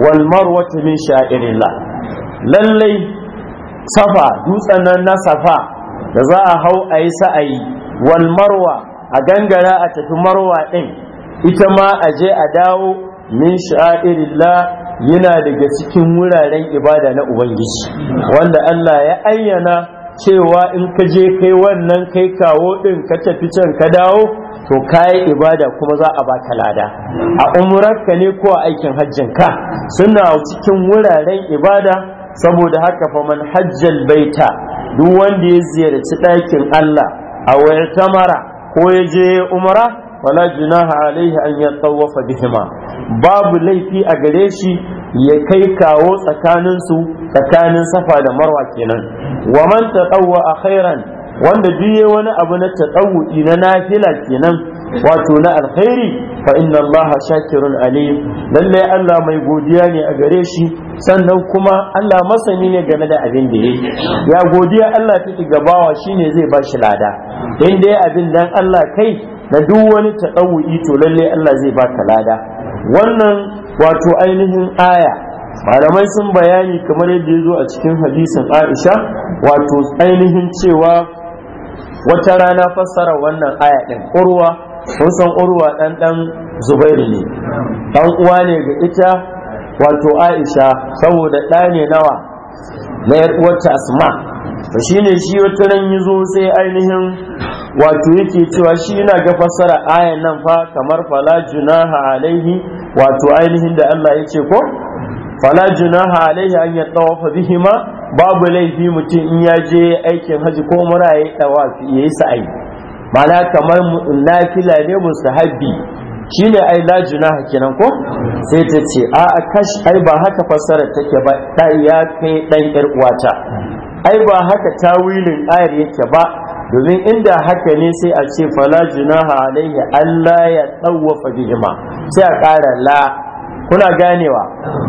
wal marwata min sha'irillah lallai safa dutsen nan na safa da za a hau a yi sa'ayi wal marwa a gangara a tafi marwa ɗin ita ma a je a dawo min sha'irillah yana daga cikin wuraren ibada na ubangiji wanda Allah ya ayyana cewa in ka je kai wannan kai kawo ɗin ka tafi can ka dawo to kayi ibada kuma za a baka lada a umurarka ne ko a aikin hajjin ka suna cikin wuraren ibada saboda haka fa man hajjal baita duk wanda ya ziyarci ɗakin Allah a wayar tamara ko ya je umara wala junaha alaihi an yatawafa bihima babu laifi a gare shi ya kai kawo tsakanin su tsakanin safa da marwa kenan wa man a khairan wanda duk wani abu na tatawwi na nafila kenan wato na alkhairi fa inna Allah shakirun alim lalle Allah mai godiya ne a gare shi sannan kuma Allah masani ne game da abin da yake ya godiya Allah take gabawa shine zai ba shi lada in dai abin dan Allah kai Na duk wani taɗawu'i to lalle Allah zai baka lada wannan wato ainihin aya malamai sun bayani kamar yadda ya zo a cikin hadisin Aisha wato ainihin cewa wata rana fassara wannan aya ɗin urwa sun san urwa ɗan ɗan zubairu ne ɗan uwa ne ga ita wato Aisha saboda ɗa ne nawa na 'yar uwarta asma shi ne shi wata ran zo sai ainihin wato yake cewa shi yana ga fassara ayan nan fa kamar fala junaha alaihi wato ainihin da Allah yake ko fala junaha alaihi an ya tawafa bihima babu laifi mutum in ya je aikin haji ko mura ya tawafi yayi sa'i mala kamar nafila ne mustahabbi shi ne ai la junaha kenan ko sai ta ce a a kash ai ba haka fassara take ba ya kai dan yar uwata ai ba haka tawilin ayar yake ba domin inda haka ne sai a ce fala junaha alaihi Allah ya tsawafa bihima sai a ƙara la kuna ganewa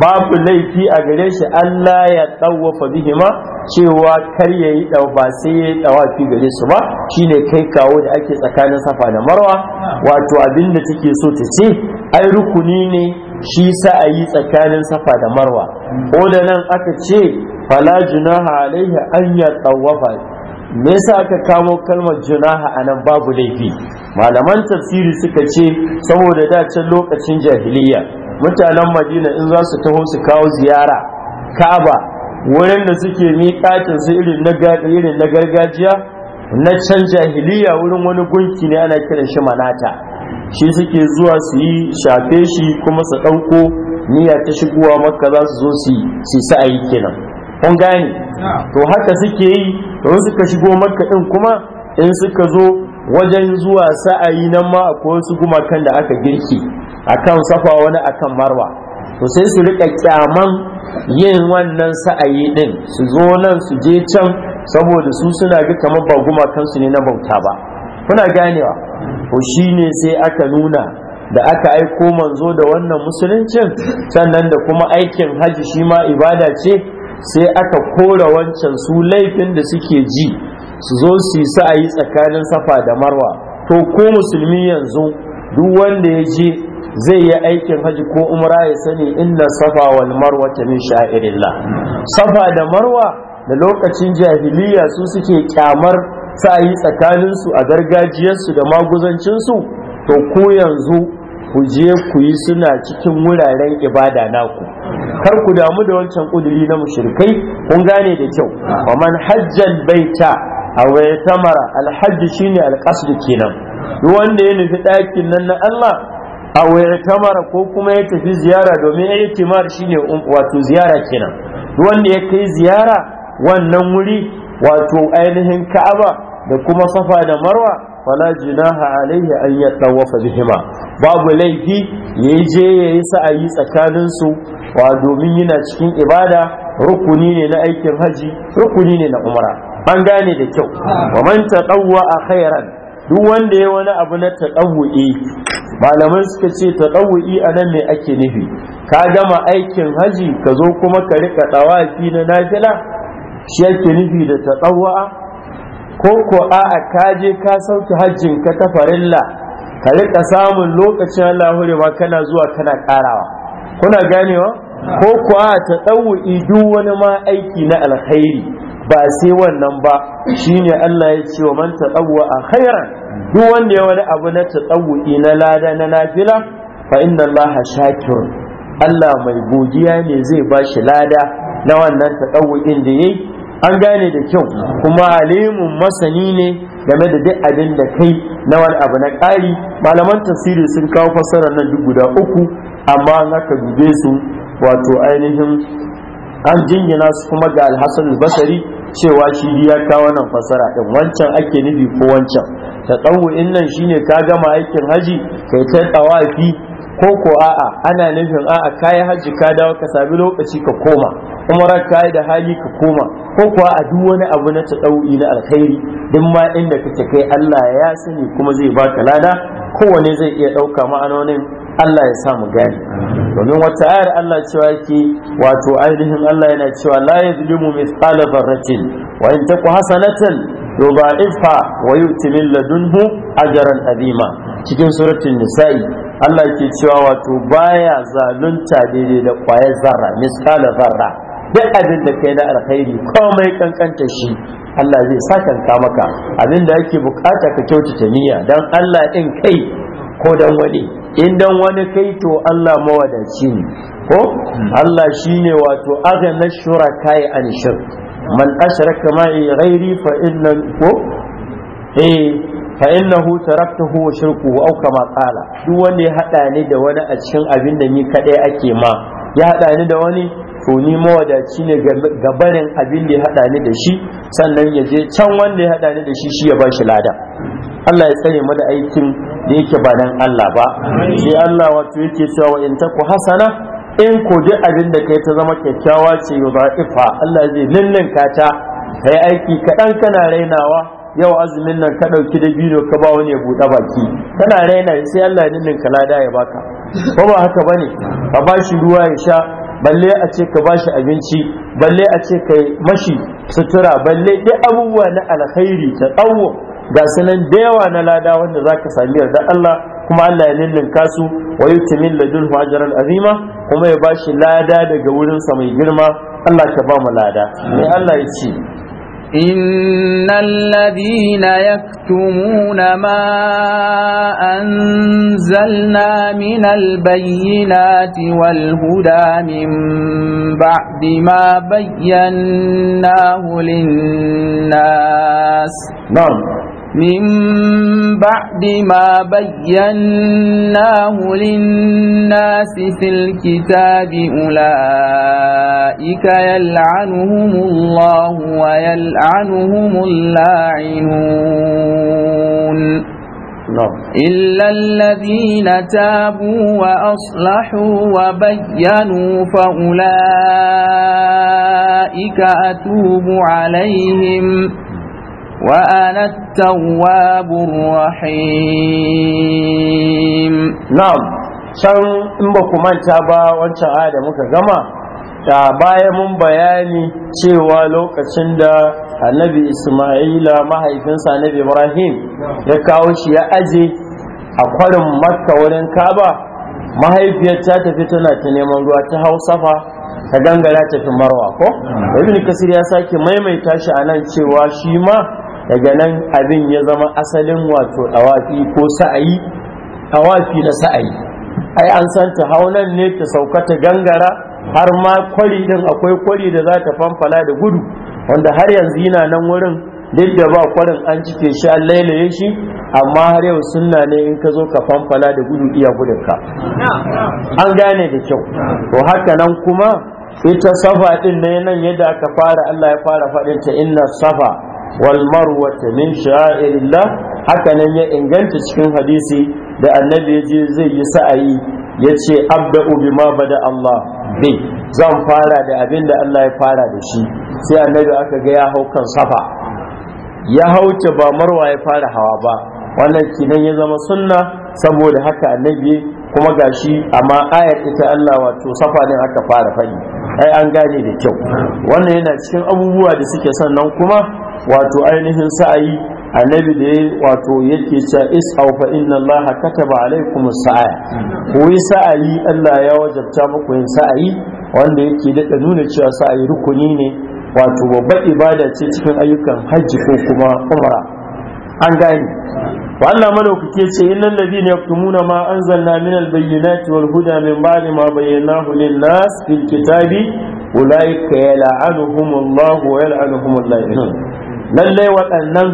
babu laifi a gare shi Allah ya tsawafa bihima cewa kar ya yi ba sai ya yi dawafi gare su ba shine kai kawo da ake tsakanin safa da marwa wato abinda take so ta ce ai rukuni ne shi sa yi tsakanin safa da marwa ko da nan aka ce fala junaha alaihi an ya tsawafa me yasa aka kamo kalmar junaha a nan babu laifi malaman tafsiri suka ce saboda da can lokacin jahiliya mutanen madina in za su taho su kawo ziyara ka'aba wurin da suke miƙatin su irin na gargajiya na can jahiliya wurin wani gunki ne ana kiran shi manata shi suke zuwa su yi shafe shi kuma su ɗauko niyya ta shigowa makka za su zo su yi sa'ayi kenan kun gane to haka suke yi to suka shigo makka din kuma in suka zo wajen zuwa sa'ayi nan ma akwai wasu gumakan da aka girki akan safa wani akan marwa to sai su rika kyaman yin wannan sa'ayi din su zo nan su je can saboda su suna ga kamar ba gumakan su ne na bauta ba kuna ganewa to shine sai aka nuna da aka aiko manzo da wannan musuluncin sannan da kuma aikin haji shi ma ibada ce sai aka kora wancan su laifin da suke ji su zo su yi sa'ayi tsakanin safa da marwa to ko musulmi yanzu duk wanda ya je zai yi aikin haji ko umra ya sani inna safa wal marwa ta min sha'irillah safa da marwa da lokacin jahiliya su suke kyamar sa'ayi tsakaninsu a gargajiyarsu da maguzancinsu to ko yanzu ku je ku yi suna cikin wuraren ibada naku kar ku damu da wancan kuduri na mushrikai kun gane da kyau wa man hajjal baita aw yatamara alhajj shine alqasd kenan wanda ya nufi ɗakin nan na Allah aw yatamara ko kuma ya tafi ziyara domin timar shine wato ziyara kenan wanda ya kai ziyara wannan wuri wato ainihin Ka'aba da kuma Safa da Marwa fala junaha alaihi an tawafa bihima babu laifi yayi je yayi sa'ayi tsakanin su wa domin yana cikin ibada rukuni ne na aikin haji rukuni ne na umara an gane da kyau wa man taqawwa khairan duk wanda ya wani abu na taqawwi malaman suka ce taqawwi anan me ake nufi ka gama aikin haji ka zo kuma ka rika tawafi na nafila shi ake nufi da taqawwa ko ko a ka je ka sauke hajjin ka ta farilla ka rika samun lokacin Allah ma kana zuwa kana karawa kuna ganewa ko ko a ta ɗau'i duk wani ma aiki na alkhairi ba sai wannan ba shine Allah ya ce wa man ta a khairan duk wanda ya wani abu na ta na lada na nafila fa inna Allah Shakir, Allah mai godiya ne zai ba shi lada na wannan taɗawu'in da yayi an gane da kyau kuma alimun masani ne game da duk abin da kai na wani abu na ƙari malaman tasiri sun kawo fasara nan duk guda uku amma an haka dube su wato ainihin an jingina su kuma ga alhassan basari cewa shi ya kawo nan fasara din wancan ake nufi ko wancan ta in nan shine ka gama aikin haji kai ta ɗawafi, ko ko a'a ana nufin a'a kayi hajji ka dawo ka sami lokaci ka koma umarar kayi da hali ka koma ko kuwa a duk wani abu na taɗau'i na alkhairi duk ma inda kake kai Allah ya sani kuma zai baka lada kowane zai iya ɗauka ma'anonin Allah ya mu gani domin wata ayar Allah cewa yake wato ainihin Allah yana cewa la yadlimu mithqala dharratin wa in taku hasanatan yudha'ifha wa yu'ti min ladunhu ajran azima cikin suratul nisa'i Allah yake cewa wato baya zalunta daidai da kwaye zarra mithqala dharratin duk abin da kai na alkhairi komai kankanta shi Allah zai kanka maka abin da ake bukata ka kyautata niyya dan Allah in kai ko dan wani in dan wani kai to Allah mawadaci ne ko Allah shine wato aghna shuraka an shirk man asharaka ma'i ghairi fa innan ko eh fa innahu taraktuhu wa shirkuhu aw kama qala duk wanda ya hada ni da wani a cikin abin da ni kadai ake ma ya hada ni da wani to ni mawadaci ne ga barin abin da ya hada ni da shi sannan ya je can wanda ya hada ni da shi shi ya ba shi lada Allah ya tsare mana aikin da yake ba dan Allah ba sai Allah wato yake cewa wa in taku hasana in ko duk abin da kai ta zama kyakkyawa ce yudha'ifa Allah zai kata ta yi aiki kaɗan kana rainawa yau azumin nan ka ɗauki da biyu ka ba wani ya buɗe baki kana raina sai Allah ya ka lada ya baka Ko ba haka bane ka ba shi ruwa ya sha balle a ce ka bashi abinci balle a ce ka mashi sutura balle dai abubuwa na alkhairi ta tsawo ga sanan da yawa na lada wanda za ka sami yarda Allah kuma Allah ya lullunka su wa yutimin ladul hajaral azima kuma ya bashi lada daga wurin sa mai girma Allah ka ba mu lada mai Allah ya ce إن الذين يكتمون ما أنزلنا من البينات والهدى من بعد ما بيناه للناس نعم من بعد ما بيناه للناس في الكتاب أولئك يلعنهم الله ويلعنهم اللاعنون نعم. إلا الذين تابوا وأصلحوا وبينوا فأولئك أتوب عليهم وأنا التواب الرحيم نعم can in ba ku manta ba wancan aya da muka gama da baya mun bayani cewa lokacin da annabi isma'ila mahaifinsa annabi ibrahim ya kawo shi ya aje a kwarin makka wurin kaba mahaifiyar ta tafi tana ta neman ruwa ta hau safa ta gangara tafi marwa ko ibn kasir ya sake maimaita shi anan cewa shi ma daga nan abin ya zama asalin wato Awafi ko sa'ayi awafi na sa'ayi ai an san ta haunan ne ta sauka ta gangara har ma kwari din akwai kwari da za ta fanfala da gudu wanda har yanzu yana nan wurin duk da ba kwarin an cike shi an lailaye shi amma har yau sunna ne in ka zo ka famfala da gudu iya gudun ka. an gane da kyau to haka nan kuma ita safa din ne nan yadda aka fara Allah ya fara faɗin ta inna safa wal marwata min sha'irillah haka nan ya inganta cikin hadisi da annabi ya je zai yi sa'ayi ya ce abda'u bima bada Allah bi zan fara da abin da Allah ya fara da shi sai annabi aka ga ya hau kan safa ya hau ta ba marwa ya fara hawa ba wannan kinan ya zama sunna saboda haka annabi kuma gashi amma ayar ita Allah wato safa ne aka fara fadi ai an gane da kyau wannan yana cikin abubuwa da suke sannan kuma wato ainihin sa'ayi annabi da ya wato yake cewa is fa inna allaha kataba alaikum sa'a ko yi sa'ayi Allah ya wajabta muku yin sa'ayi wanda yake daɗa nuna cewa sa'ayi rukuni ne wato babbar ibada ce cikin ayyukan hajji ko kuma umra an gane wa Allah ke ce innal ladina yaktumuna ma anzalna min albayyinati wal huda min ba'di ma bayyanahu lin nas fil kitabi ulaika yal'anuhum Allah wa yal'anuhum lainun lallai waɗannan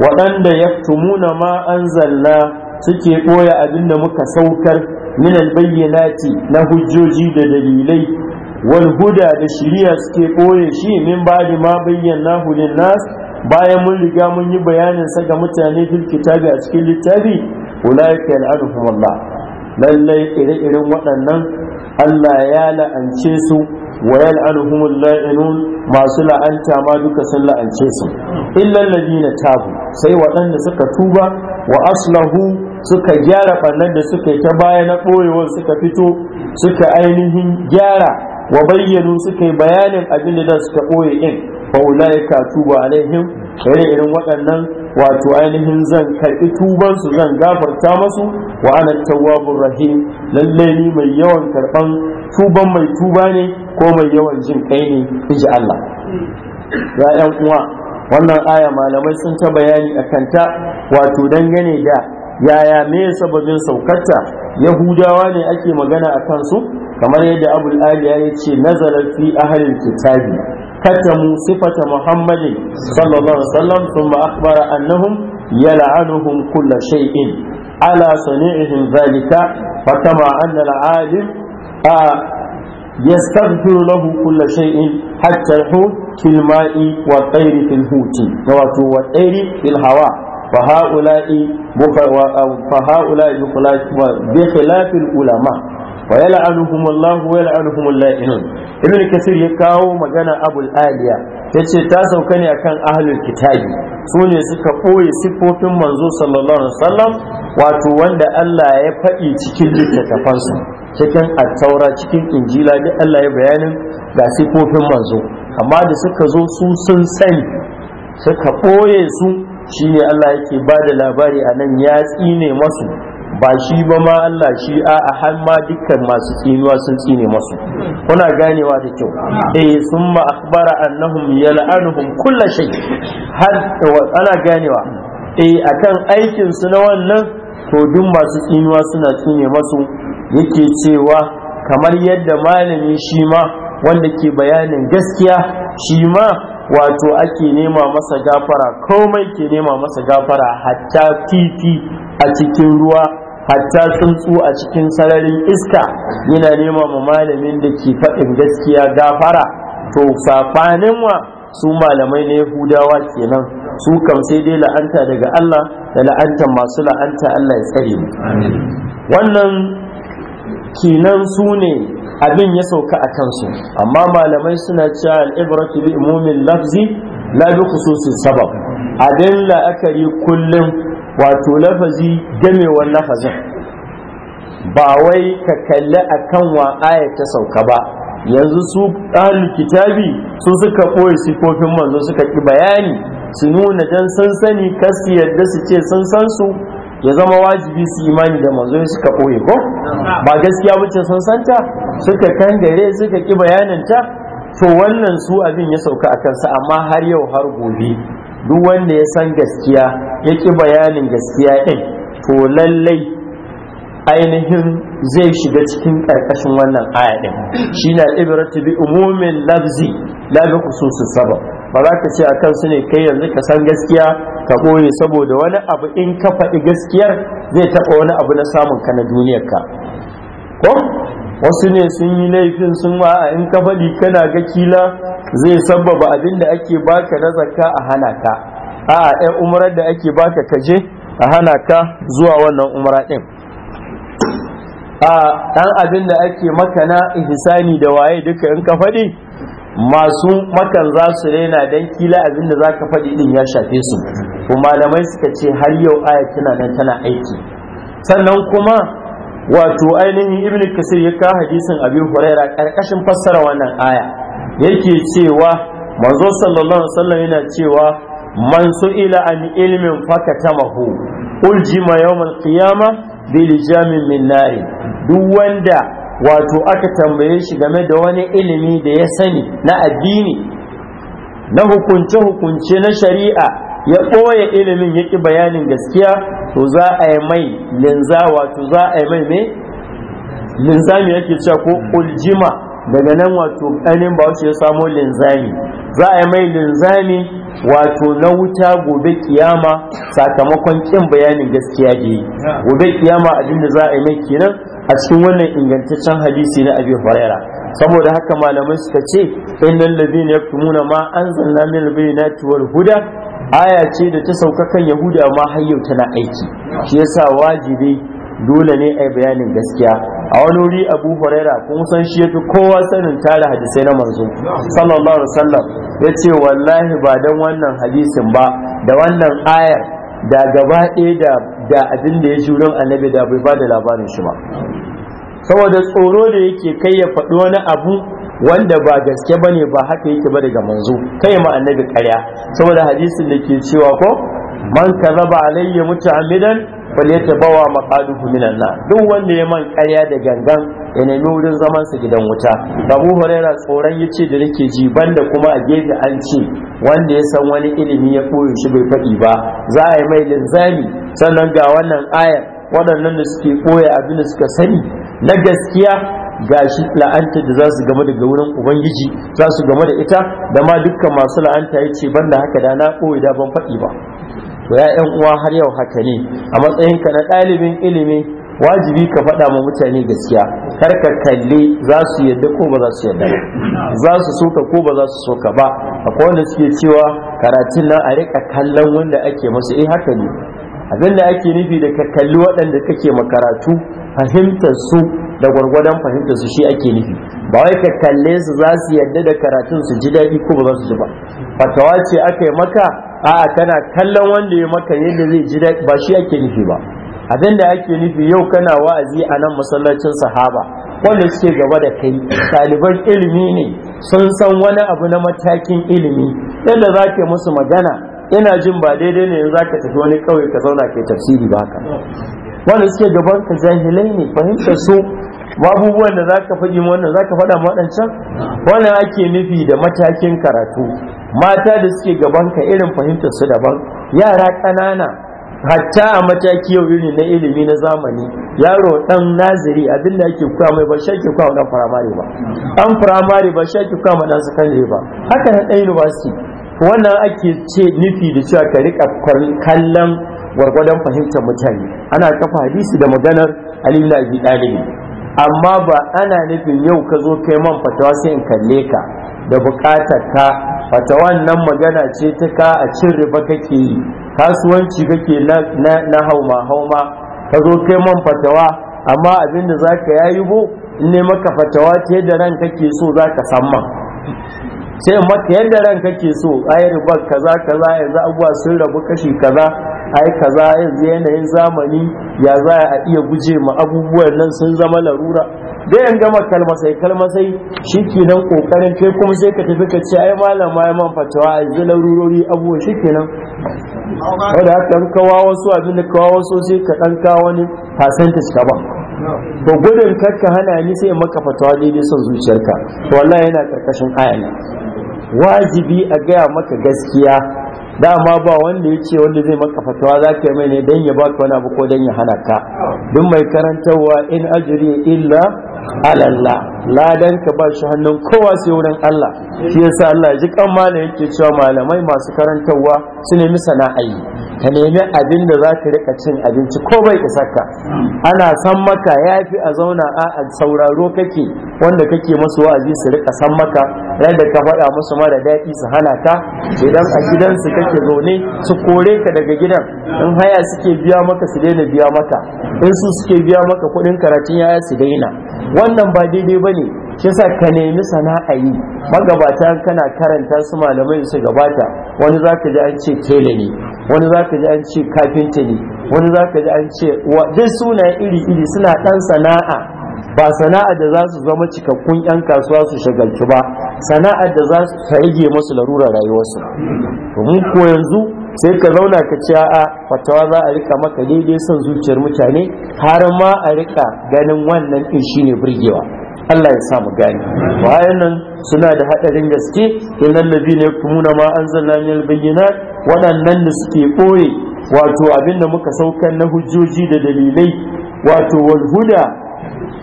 waɗanda ya tumuna ma an zalla suke ɓoye abin da muka saukar bayyana ki na hujjoji da dalilai wal huda da shirya suke ɓoye shi min da ma bayyana hulin nas bayan mun riga mun yi bayanin sa ga mutane fil kitabi a cikin littafi ulaika yal'anuhum Allah lallai ire-iren waɗannan Allah ya la'ance su wa yal'anuhum la'inun masu la'anta ma duka sun la'ance su illal ladina tabu sai waɗanda suka tuba wa aslahu suka gyara bannan da suka ta baya na ɓoyewar suka fito suka ainihin gyara wa bayyanu suka yi bayanin abin da suka ɓoye in fa ulaika tuba alaihim irin waɗannan wato ainihin zan karɓi tubansu zan gafarta masu wa ana tawwabur rahim lalle ni mai yawan karɓan tuban mai tuba ne ko mai yawan jin kai ne inji Allah ya ɗan uwa wannan aya malamai sun ta bayani a kanta wato dangane da yaya me sababin saukarta yahudawa ne ake magana a kansu kamar yadda abul ya ce nazarar fi ahalin kitabi كتموا صفة محمد صلى الله عليه وسلم ثم أخبر أنهم يلعنهم كل شيء على صنيعهم ذلك فكما أن العالم آه، يستغفر له كل شيء حتى الحوت في الماء والطير في الهوت والطير في الهواء فهؤلاء بخلاف العلماء wa yal'anuhum Allah wa la'inun ibn kasir ya kawo magana abul aliya yace ta sauka ne akan ahlul kitabi su ne suka boye siffofin manzo sallallahu alaihi wasallam wato wanda Allah ya faɗi cikin littattafansa cikin attaura cikin injila duk Allah ya bayanin ga siffofin manzo amma da suka zo su sun sani suka boye su shine Allah yake ba da labari a nan ya tsine masu ba shi ba ma Allah shi a a har ma dukkan masu tsinuwa sun tsine masu kuna ganewa da kyau eh sun ma akbara annahum yal'anuhum kulla shay har ana ganewa eh akan aikin su na wannan to duk masu tsinuwa suna tsine masu yake cewa kamar yadda malami shi ma wanda ke bayanin gaskiya shi ma wato ake nema masa gafara komai ke nema masa gafara hatta titi a cikin ruwa hatta tsuntsu a cikin sararin iska yana nema ma malamin da ke faɗin gaskiya gafara to safanin wa su malamai na yahudawa kenan su kam sai dai la'anta daga Allah da la'anta masu la'anta Allah ya tsare mu wannan kenan su ne abin ya sauka a kansu amma malamai suna cewa al'ibratu bi umumin lafzi la bi khususin sabab abin la'akari kullum wato lafazi gamewar lafazin ba wai ka kalli a kan wa aya ta sauka ba yanzu su ahlul kitabi su suka ɓoye sifofin manzo suka ki bayani su nuna dan sansani, kasu yadda su ce sun san su ya zama wajibi su imani da manzo suka ɓoye ko ba gaskiya bace sun santa suka kangare suka ki bayanin ta to wannan su abin ya sauka a kansa amma har yau har gobe duk wanda ya san gaskiya ya ƙi bayanin gaskiya ɗin to lallai ainihin zai shiga cikin ƙarƙashin wannan aya ɗin shi na ta bi umumin labzi, labi bi saba ba za ka ce a kansu ne kai yanzu ka san gaskiya ka ɓoye saboda wani abu in ka faɗi gaskiyar zai taɓa wani abu na samun ka na duniyarka ko wasu ne sun yi laifin sun ma a in ka faɗi kana ga kila zai sababa abin da ake baka na zakka a hana ka a ɗan umarar da ake baka ka je a hana ka zuwa wannan umara ɗin a ɗan abin da ake maka na ihsani da waye duka in ka faɗi masu makan za su rena dan kila abin da za ka faɗi ɗin ya shafe su kuma malamai suka ce har yau aya tana nan tana aiki sannan kuma wato ainihin ibn kasir ya kawo hadisin abin huraira karkashin fassara wannan aya yake cewa manzo sallallahu alaihi wasallam yana cewa man su'ila an ilmin fakatamahu uljima yawmal qiyama bil jamin min duk wanda wato aka tambaye shi game da wani ilimi da ya sani na addini na hukunce hukunce na shari'a ya ɓoye ilimin ya ƙi bayanin gaskiya to za a yi mai linza wato za a yi mai me linzami yake cewa ko uljima daga nan wato ɗanin ba ya samo linzami za a yi mai linzami wato na wuta gobe kiyama sakamakon ƙin bayanin gaskiya ne yi gobe kiyama abinda za a yi mai kenan a cikin wannan ingantaccen hadisi na abi farera saboda haka malamai suka ce innal ladina yaktumuna ma anzalna min na wal huda aya ce da ta sauka kan yahuda ma har yau tana aiki shi yasa wajibi dole ne a bayanin gaskiya a wani wuri abu huraira kun san shi yafi kowa sanin tare hadisai na manzo sallallahu alaihi wasallam yace wallahi ba dan wannan hadisin ba da wannan ayar da gaba ɗaya da da abin da ya ji wurin annabi da bai ba da labarin shi ba saboda tsoro da yake kai ya faɗi wani abu wanda ba gaske ne ba haka yake ba daga manzo kai ma annabi ƙarya saboda hadisin da ke cewa ko man kazaba alayya muta'ammidan falyatabawa maqaduhu minan na. duk wanda ya man ƙarya da gangan ya nemi wurin zaman sa gidan wuta Abu Huraira tsoron yace da nake ji banda kuma a gefe an ce wanda ya san wani ilimi ya koyo shi bai faɗi ba za a yi mai linzami sannan ga wannan ayar waɗannan da suke koya abin da suka sani na gaskiya gashi la'anta da za su game daga wurin ubangiji za su game da ita da ma dukkan masu la'anta ya ce banda haka da na ɓoye da ban faɗi ba to ya yan uwa har yau haka ne a matsayin ka na ɗalibin ilimi wajibi ka faɗa ma mutane gaskiya kar ka kalli za su yadda ko ba za su yadda za su soka ko ba za su soka ba A wanda suke cewa karatun nan a riƙa kallon wanda ake masa eh haka ne abin da ake nufi da ka kalli waɗanda kake makaratu fahimtar su da gwargwadon fahimtar su shi ake nufi ba wai ka kalle su za su yadda da karatun su ji daɗi ko ba za su ji ba fatawa ce aka yi maka a'a kana kallon wanda ya maka yadda zai ji daɗi ba shi ake nufi ba abin da ake nufi yau kana wa'azi a nan masallacin sahaba wanda suke gaba da kai ɗaliban ilimi ne sun san wani abu na matakin ilimi yadda za ka musu magana ina jin ba daidai ne za ka tafi wani kawai ka zauna ke tafsiri ba haka wanda suke gaban ka jahilai ne fahimtar su abubuwan da za ka faɗi wannan ka faɗa waɗancan wannan ake nufi da matakin karatu mata da suke gaban ka irin fahimtar su daban yara ƙanana hatta a mataki yau irin na ilimi na zamani yaro dan naziri abin da ake mai ba shi ake koya dan firamare ba dan firamare ba shi ake koya ma dan sakandare ba haka na ɗan university wannan ake ce nufi da cewa ka rika kallon gwargwadon fahimtar mutane ana kafa hadisi da maganar Ali na Abi amma ba ana nufin yau ka zo kai man fatawa sai in kalle ka da bukatar ka fatawan nan magana ce ta ka a cin riba kake yi kasuwanci kake na hauma hauma ka zo kai man fatawa amma abin da za zaka yayi bo in ne maka fatawa ta yadda ran kake so zaka san man Sai maka yadda ran kake so ai riba kaza kaza yanzu abuwa sun rabu kashi kaza ai kaza yanzu yanayin zamani ya za a iya guje ma abubuwan nan sun zama larura da yan gama kalmasai kalmasai shikenan kokarin kai kuma sai ka tafi ka ce ai malama ya man fatawa ai zai larurori abubuwa shikenan da haka kawo wasu abin da kawo wasu sai ka dan kawo wani percentage ka ba to gudun karka hana ni sai maka fatawa daidai son zuciyarka to wallahi yana karkashin ayana. wajibi a gaya maka gaskiya dama ba wanda ya ce wanda zai maka fatawa za ka yi mai ne don ya baka wani abu ko don ya hana ka duk mai karantarwa in ajiri illa alalla ladan ka ba shi hannun kowa sai wurin Allah shi yasa Allah ji kan malam yake cewa malamai masu karantarwa su nemi sana'ai ka nemi abin da za ka rika cin abinci ko bai isa ka ana san maka ya fi a zauna a sauraro kake wanda kake masu wa'azi su rika san maka yadda ka faɗa musu mara daɗi su hana ka idan a gidansu kake zaune su kore ka daga gidan in haya suke biya maka su daina biya maka in su suke biya maka kuɗin karatun yaya su daina wannan ba daidai ba ne shi sa ka nemi sana'a yi magabata kana karanta su malamai su gabata wani za ka ji an ce tele ne wani za ka ji an ce kafinta ne wani za ka ji an ce duk sunaye iri-iri suna ɗan sana'a ba sana'a da za su zama cikakkun 'yan kasuwa su shagalci ba sana'a da za su rage masu larura rayuwarsu domin ko yanzu sai ka zauna ka ce a fatawa za a rika maka daidai son zuciyar mutane har ma a rika ganin wannan in shine burgewa Allah ya sa mu gane bayan nan suna da haɗarin gaske ne kuma na ma anzalna min albayyinat waɗannan da suke ɓoye wato abinda muka saukan na hujjoji da dalilai wato wal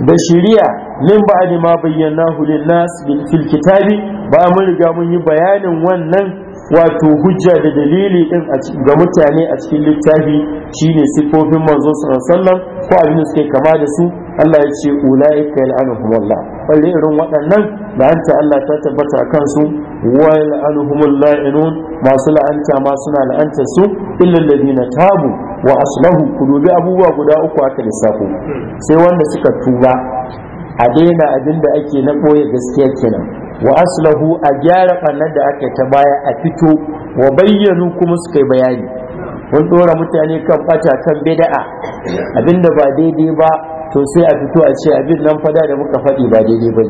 da shari'a min ba'adi ma bayyana lin nas bil kitabi ba mun riga mun yi bayanin wannan wato hujja da dalili din ga mutane a cikin littafi shine sifofin manzo sallallahu ko abin da suke kama da su Allah ya ce ulaika yal'anuhum Allah balle irin waɗannan da anta Allah ta tabbata kan kansu wa yal'anuhum la'inun masu la'anta ma suna la'anta su illal na tabu wa aslahu ku dubi abubuwa guda uku aka lissafo sai wanda suka tuba a daina abin da ake na ɓoye gaskiya kenan wa aslahu a gyara ɓannar da aka ta baya a fito wa bayyanu kuma suka kai bayani mun ɗora mutane kan ɓata kan bida'a abinda ba daidai ba to sai a fito a ce abin nan fada da muka faɗi ba daidai ba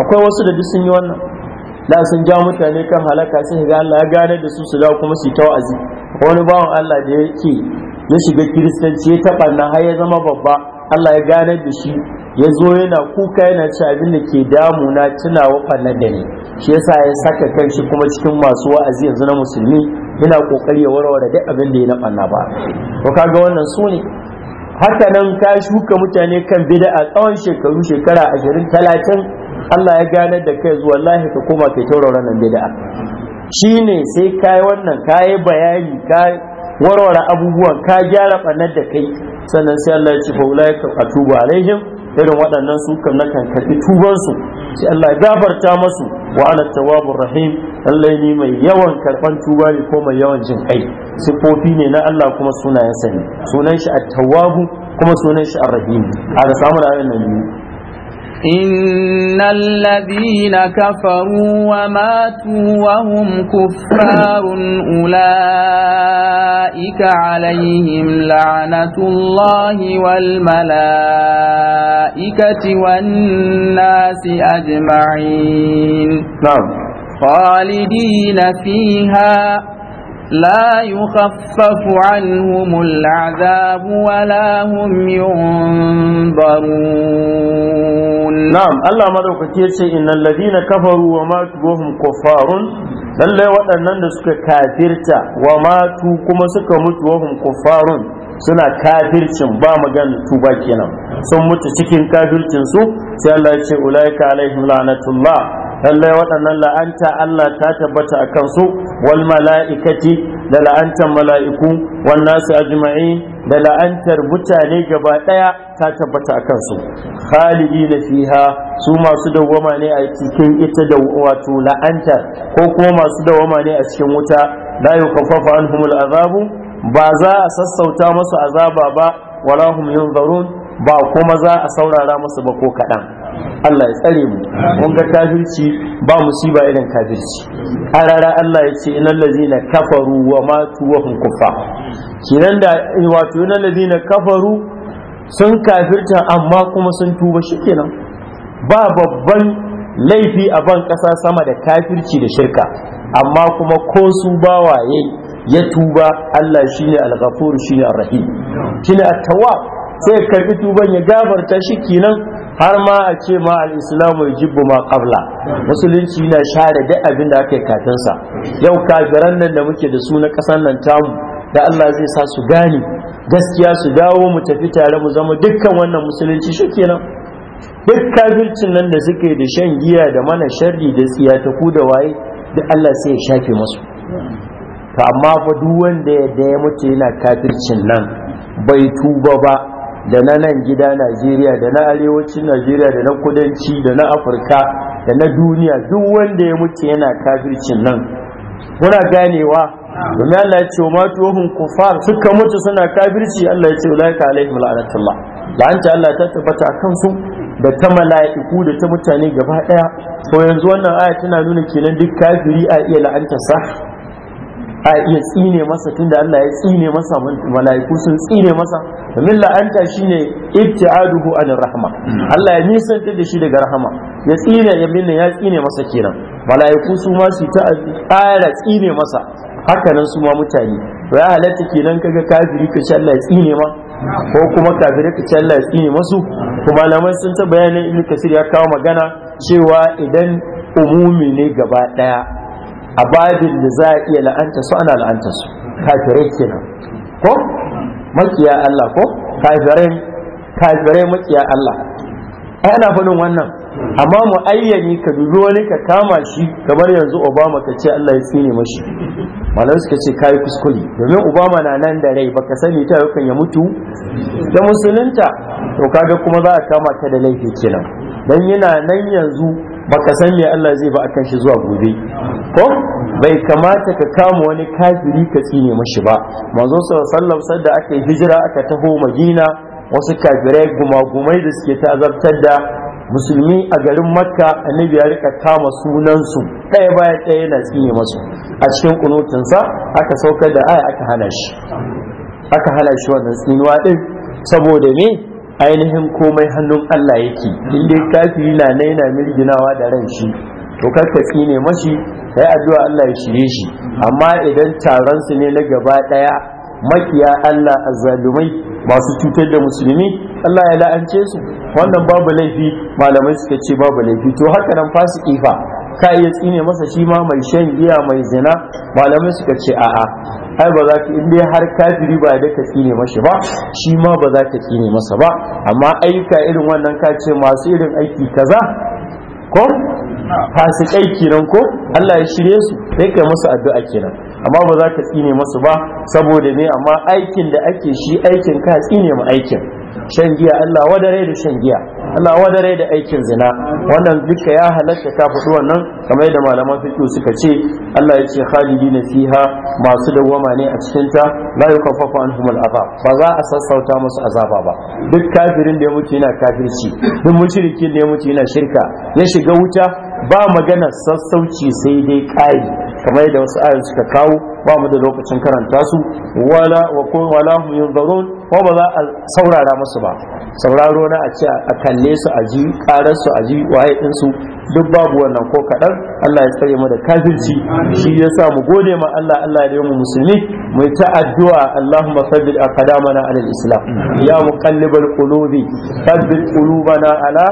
akwai wasu da duk sun yi wannan da sun ja mutane kan halaka sai ga Allah ya gane da su su dawo kuma su yi ta wani bawan Allah da yake ya shiga kiristanci ya taɓa na har ya zama babba Allah ya gane da shi ya zo yana kuka yana ci abin da ke damuna tunawa fannan da ne shi yasa ya saka kanshi kuma cikin masu wa'azi yanzu na musulmi yana kokari ya warware duk abin da ya na ba to kaga wannan su ne haka nan ka shuka mutane kan bid'a tsawon shekaru shekara ashirin talatin Allah ya gane da kai zuwa wallahi ka koma kai tauraron nan bid'a shine sai kai wannan kai bayani kai warware abubuwan ka gyara ɓannar da kai sannan sai Allah ya ce fa ulai ka atubu alaihim irin waɗannan su kan na kan karɓi tubansu sai Allah ya gafarta masu wa'anar ana tawwabur rahim Allah ni mai yawan karɓan tuba ne ko mai yawan jin kai sifofi ne na Allah kuma sunayen sa ne sunan shi a tawabu kuma sunan shi ar-rahim a da samu da nan إن الذين كفروا وماتوا وهم كفار أولئك عليهم لعنة الله والملائكة والناس أجمعين نعم خالدين فيها لا يخفف عنهم العذاب ولا هم ينظرون نعم الله مدعوك كيرسي إن الذين كفروا وماتوا وهم كفار lallai waɗannan da suka kafirta wa matu kuma suka mutu wahum kuffarun suna kafircin ba magana tuba kenan sun mutu cikin kafircin su sai Allah ya ce ulaika alaihim la'natullah lallai waɗannan la'anta Allah ta tabbata a kansu wal mala'ikati da la'antar mala'iku wan nasu ajma'in da la'antar mutane gaba ɗaya ta tabbata a kansu khalidi na fiha su masu dawwama ne a cikin ita da wato la'antar ko kuma masu dawwama ne a cikin wuta la yukaffafa anhumul azabu ba za a sassauta masu azaba ba wala hum yunzarun ba kuma za a saurara musu ba ko kaɗan Allah ya tsare mu mun ga kafirci ba musiba irin kafirci arara Allah ya ce innal ladina kafaru wa matu wa hum kufa kinan da wato innal ladina kafaru sun kafirta amma kuma sun tuba shikenan ba babban laifi a ban kasa sama da kafirci da shirka amma kuma ko su bawaye ya tuba Allah shine al-ghafur shine ar-rahim shine at-tawwab sai ya karbi tuban ya gafarta shi kenan har ma a ce ma al-islamu yajibu ma qabla musulunci yana share da abin da ake kafinsa. sa yau kafiran nan da muke da su na kasan nan tamu da Allah zai sa su gane gaskiya su dawo mu tafi tare mu zama dukkan wannan musulunci shi kenan duk kafircin nan da suke da shan giya da mana sharri da tsiyataku da waye da Allah sai ya shafe masu to amma fa duk wanda ya da ya mutu yana kafircin nan bai tuba ba da na nan gida najeriya da na arewacin najeriya da na kudanci da na afirka da na duniya duk wanda ya mutu yana kafircin nan Muna ganewa domin allah ya ce wa matuwahun kufar suka mutu suna kafirci allah ya ce wa laika alaihim la'anatullah la'anta allah ta tabbata kan su da ta mala'iku da ta mutane gaba daya to yanzu wannan aya tana nuna kenan duk kafiri a iya la'anta sa a iya tsine masa tunda Allah ya tsine masa mala'iku sun tsine masa domin la'anta shine ibtiaduhu an rahma Allah ya nisanta da shi daga rahama ya tsine ya minna ya tsine masa kenan mala'iku su ma su ta ƙara tsine masa haka nan su ma mutane to ya halatta kenan kaga kafiri ka ce Allah ya tsine ma ko kuma kafiri ka ce Allah ya tsine masu kuma malaman sun ta bayanin ibnu kasir ya kawo magana cewa idan umumi ne gaba daya a babin da za a iya la'anta su ana la'anta su kafirai kenan ko makiya Allah ko kafirai kafirai makiya Allah ai ana faɗin wannan amma mu ayyani ka dubi wani ka kama shi kamar yanzu Obama ka ce Allah ya tsine mashi malam suka ce kai kuskure domin Obama na nan da rai baka sani ta yakan ya mutu da musulunta to kaga kuma za a kama ka da laifi kenan dan yana nan yanzu baka san me Allah zai ba akan shi zuwa gobe ko bai kamata ka kama wani kafiri ka tsine mashi ba manzo sallallahu alaihi aka yi hijira aka taho Madina wasu kafirai gumagumai da suke ta'azabtar da musulmi a garin makka annabi ya rika kama sunansu ɗaya baya ɗaya yana tsine masu a cikin sa aka saukar da aya aka hana shi aka hana shi wannan tsinuwa din saboda me ainihin komai hannun Allah yake inda kafiri na na mirginawa da ran shi to karka tsine mashi sai addu'a Allah ya shirye shi amma idan taron su ne na gaba daya makiya Allah azzalumai masu cutar da musulmi Allah ya la'ance su wannan babu laifi malamai suka ce babu laifi to haka nan fasiki fa ka iya tsine masa shi ma mai shan giya mai zina malamai suka ce a'a ai ba za ka in dai har kafiri ba da ka tsine mashi ba shi ma ba za ka tsine masa ba amma ayyuka irin wannan ka ce masu irin aiki kaza ko fasikai kenan ko Allah ya shirye su sai kai musu addu'a kenan amma ba za ka tsine masu ba saboda ne amma aikin da ake shi aikin ka tsine mu aikin shan giya Allah wadare da shan giya Allah wadare da aikin zina wannan duka ya halarta ta faɗi wannan kamar da malaman fiqh suka ce Allah ya ce khalidina fiha masu dawwama ne a cikin ta la yukaffafu anhum al'azab ba za a sassauta musu azaba ba duk kafirin da ya mutu yana kafirci duk mushrikin da ya mutu yana shirka ya shiga wuta ba magana sassauci sai dai ƙari kamar yadda wasu ayoyi suka kawo ba mu da lokacin karanta su wala wa kun wala hum yunzarun ko ba za a saurara musu ba sauraro na a ce a kan kalle su a ji karar su a ji waye din su duk babu wannan ko kadan Allah ya tsare mu da kafirci shi ya sa mu gode ma Allah Allah ya yi mu musulmi mu ta addu'a Allahumma sabbit aqdamana ala al-islam ya muqallibal qulubi sabbit qulubana ala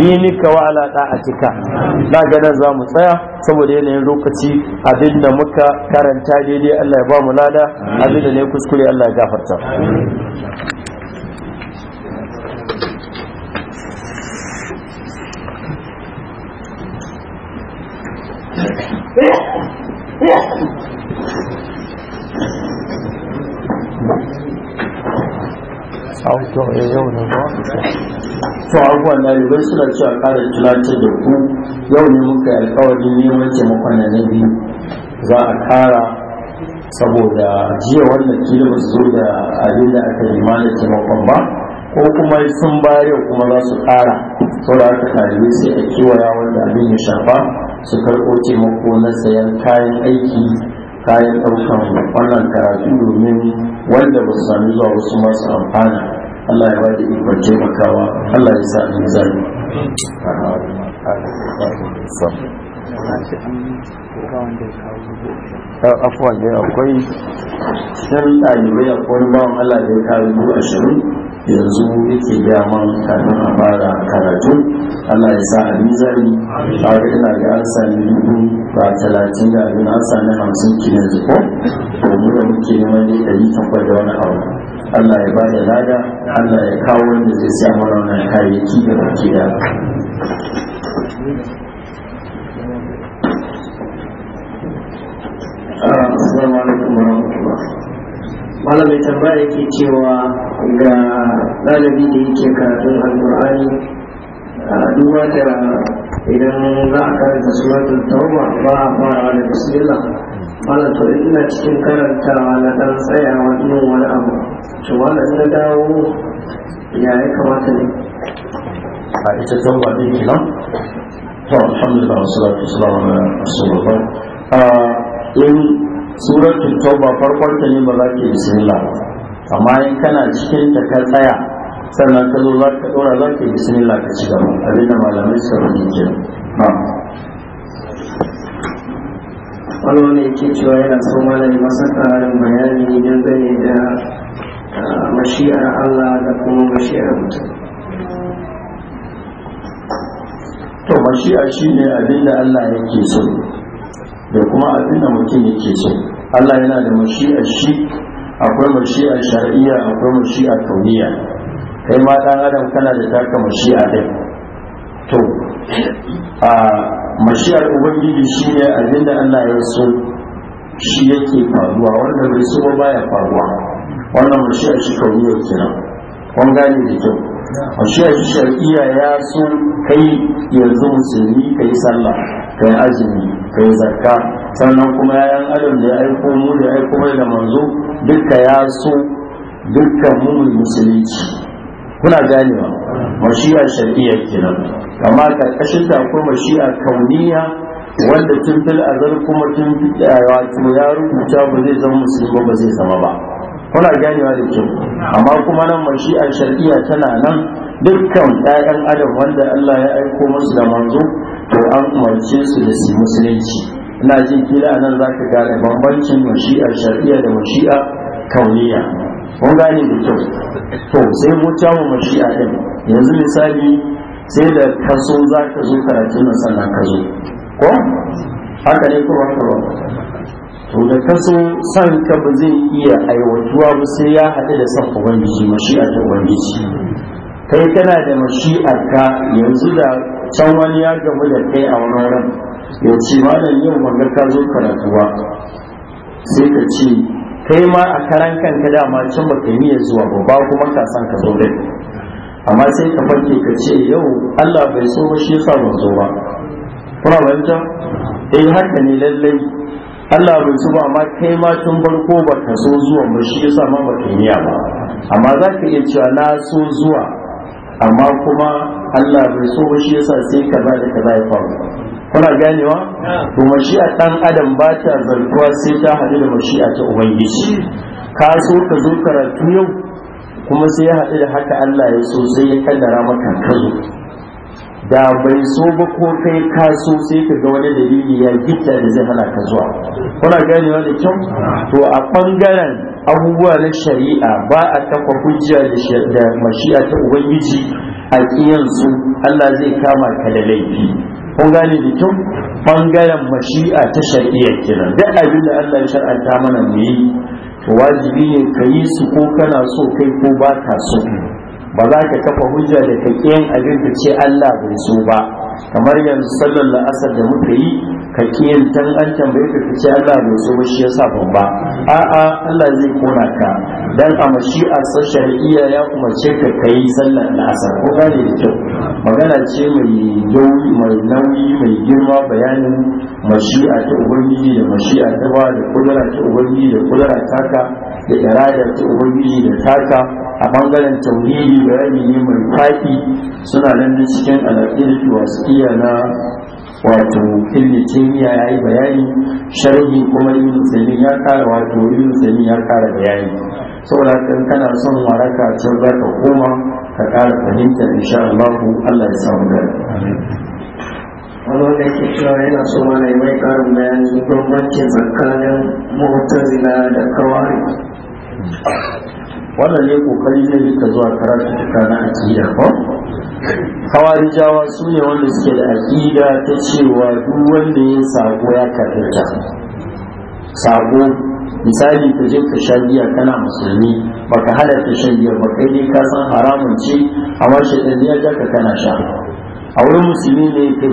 dinika wa ala ta'atika da ga nan za mu tsaya saboda yanayin lokaci abinda muka karanta daidai Allah ya ba mu lada abinda ne kuskure Allah ya gafarta to abubuwan na rigar ci cewa kara tunatar da ku yau ne muka yi alkawarin neman taimakon na na biyu za a kara saboda jiya wannan kila ba su zo da abin da aka yi mana taimakon ba ko kuma sun bayar kuma za su kara saboda aka talibai sai a kiwaya wanda abin ya shafa su karɓo taimako na sayan kayan aiki kayan ɗaukan wannan karatu domin wanda ba su sami zuwa wasu masu amfana Allah ya bada ikon taimakawa Allah ya sa ni zani afuwa da akwai shan ɗalibai akwai bawan Allah da ya kawo ashirin yanzu yake gaya man kafin a fara karatu Allah ya sa abin zari a ina ga an sami dubu ba talatin da abin an sami hamsin kilin zuko domin da muke neman ne yi takwas da wani abu Allah ya bada lada Allah ya kawo wanda zai siya mara wannan kayayyaki da baki da ah, Assalamu alaikum warahmatullahi malam mai tambaya yake cewa ga ɗalibi da yake karatun a duba da idan za a karanta suratul tauba ba a fara da bismillah malam to ina cikin karantawa na tsaya wa yin wani abu to malam na dawo ya ya kamata ne a ita tauba ki nan to alhamdulillah wasu salatu wasu salamu a yin Surar tauba farkon ta ne ba za ka yi bismillah amma in kana cikin ta ka tsaya sannan ka zo za ka dora za ka yi bismillah ka ci gaba abin da malamai suka rubuta ke wani wani yake cewa yana so malami masa ƙarin bayani dangane da mashi'ar Allah da kuma mashi'ar mutum to mashi'a ne abin da Allah yake so da kuma abin da mutum yake so Allah yana da mashi'a shi akwai mashi'a shari'a akwai mashi'a kauniya kai ma dan adam kana da taka mashi'a din to a mashi'ar ubangiji ne abin da Allah ya so shi yake faruwa wanda bai so ya faruwa wannan mashi'a shi kauniya kenan kun gane da kyau a shar'iyya ya so kai yanzu musulmi kai sallah kai azumi kai zakka sannan kuma yayan adam da ya aiko mu da ya aiko mai da manzo duka ya so duka mu musulunci kuna ganewa mashi'a shar'i'a kenan amma karkashin ta akwai mashi'a kauniya wanda tun fil azar kuma tun eh, wato ya rubuta ba zai zama musulmi ba zai zama ba muna ganewa da kyau amma kuma nan mashi'ar shari'a tana nan dukkan 'ya'yan adam wanda Allah ya aiko musu da manzo to an umarce su da su musulunci ina jin kila nan za ka gane bambancin mashi'ar shar'iyya da mashi'a kauniya kun gane da kyau to sai mu mu mashi'a din yanzu misali sai da kaso za ka zo karatun nan sannan ka zo ko haka ne ko haka to da kaso san ka ba zai iya aiwatuwa ba sai ya haɗu da san ubangiji mashi'ar ubangiji kai kana da mashi'ar ka yanzu da can wani ya gamu da kai a wani wurin ya ce malam yau manga ka zo karatu sai ka ce kai ma a karan kanka dama can baka yi zuwa ba kuma ka san ka zo dai amma sai ka farke ka ce yau Allah bai so ba shi yasa ban zo ba kuna wancan eh haka ne lallai Allah bai su ba amma kai ma tun farko ba ka so zuwa ba shi yasa ma ba ka niyya ba amma za ka iya cewa na so zuwa amma kuma Allah bai so ba shi yasa sai kaza da kaza ya faru kuna ganewa to mashi'a dan adam ba ta zartuwa sai ta haɗu da mashi'a ta ubangiji ka so ka zo karatu yau kuma sai ya haɗu da haka Allah ya so sai ya kaddara maka kazo da bai so ba ko kai ka so sai ka ga wani dalili ya gita da zai hana ka zuwa kuna ganewa da kyau to a bangaren abubuwa na shari'a ba a kafa hujja da mashi'a ta ubangiji a kiyansu Allah zai kama ka da laifi kun gane da kyau bangaren mashi'a ta shari'a kenan duk abin da Allah ya shar'anta mana mu yi wajibi ne ka yi su ko kana so kai ko ba ka so ba za ka kafa hujja da ka kiyan abin da ce Allah bai so ba kamar yanzu sallar la'asar da muka yi ka kiyan tan an tambaye ka ce Allah bai so ba shi yasa ban ba a'a Allah zai kona ka dan a mashi'a sa shari'a ya ce ka kai sallar la'asar ko gane da kyau magana ce mai nauyi mai nauyi mai girma bayanin mashi'a ta ubangiji da mashi'a ta ba da kudura ta ubangiji da kudura taka da iradar ta ubangiji da taka a bangaren tauhidi da ne mai faɗi suna nan cikin alaƙirki wasu iya na wato ilmi kimiyya ya yi bayani sharhi kuma yin sami ya kara wato yin sami ya kara bayani saboda kan kana son waraka can za ka koma ka kara fahimta sha Allah Allah ya samu da wani ke cewa yana so mana mai karin bayani bambancin tsakanin mu'tazila da kawari wannan ne kokari yi suka zuwa karatu tuka na aƙida ko hawarijawa su ne wanda suke da aƙida ta cewa duk wanda ya sako ya kafirta sako misali ka je ka sha giya kana musulmi baka halarta shan giya ba kai ne ka san haramun ce amma shaidan ya ka kana sha a wurin musulmi ne kai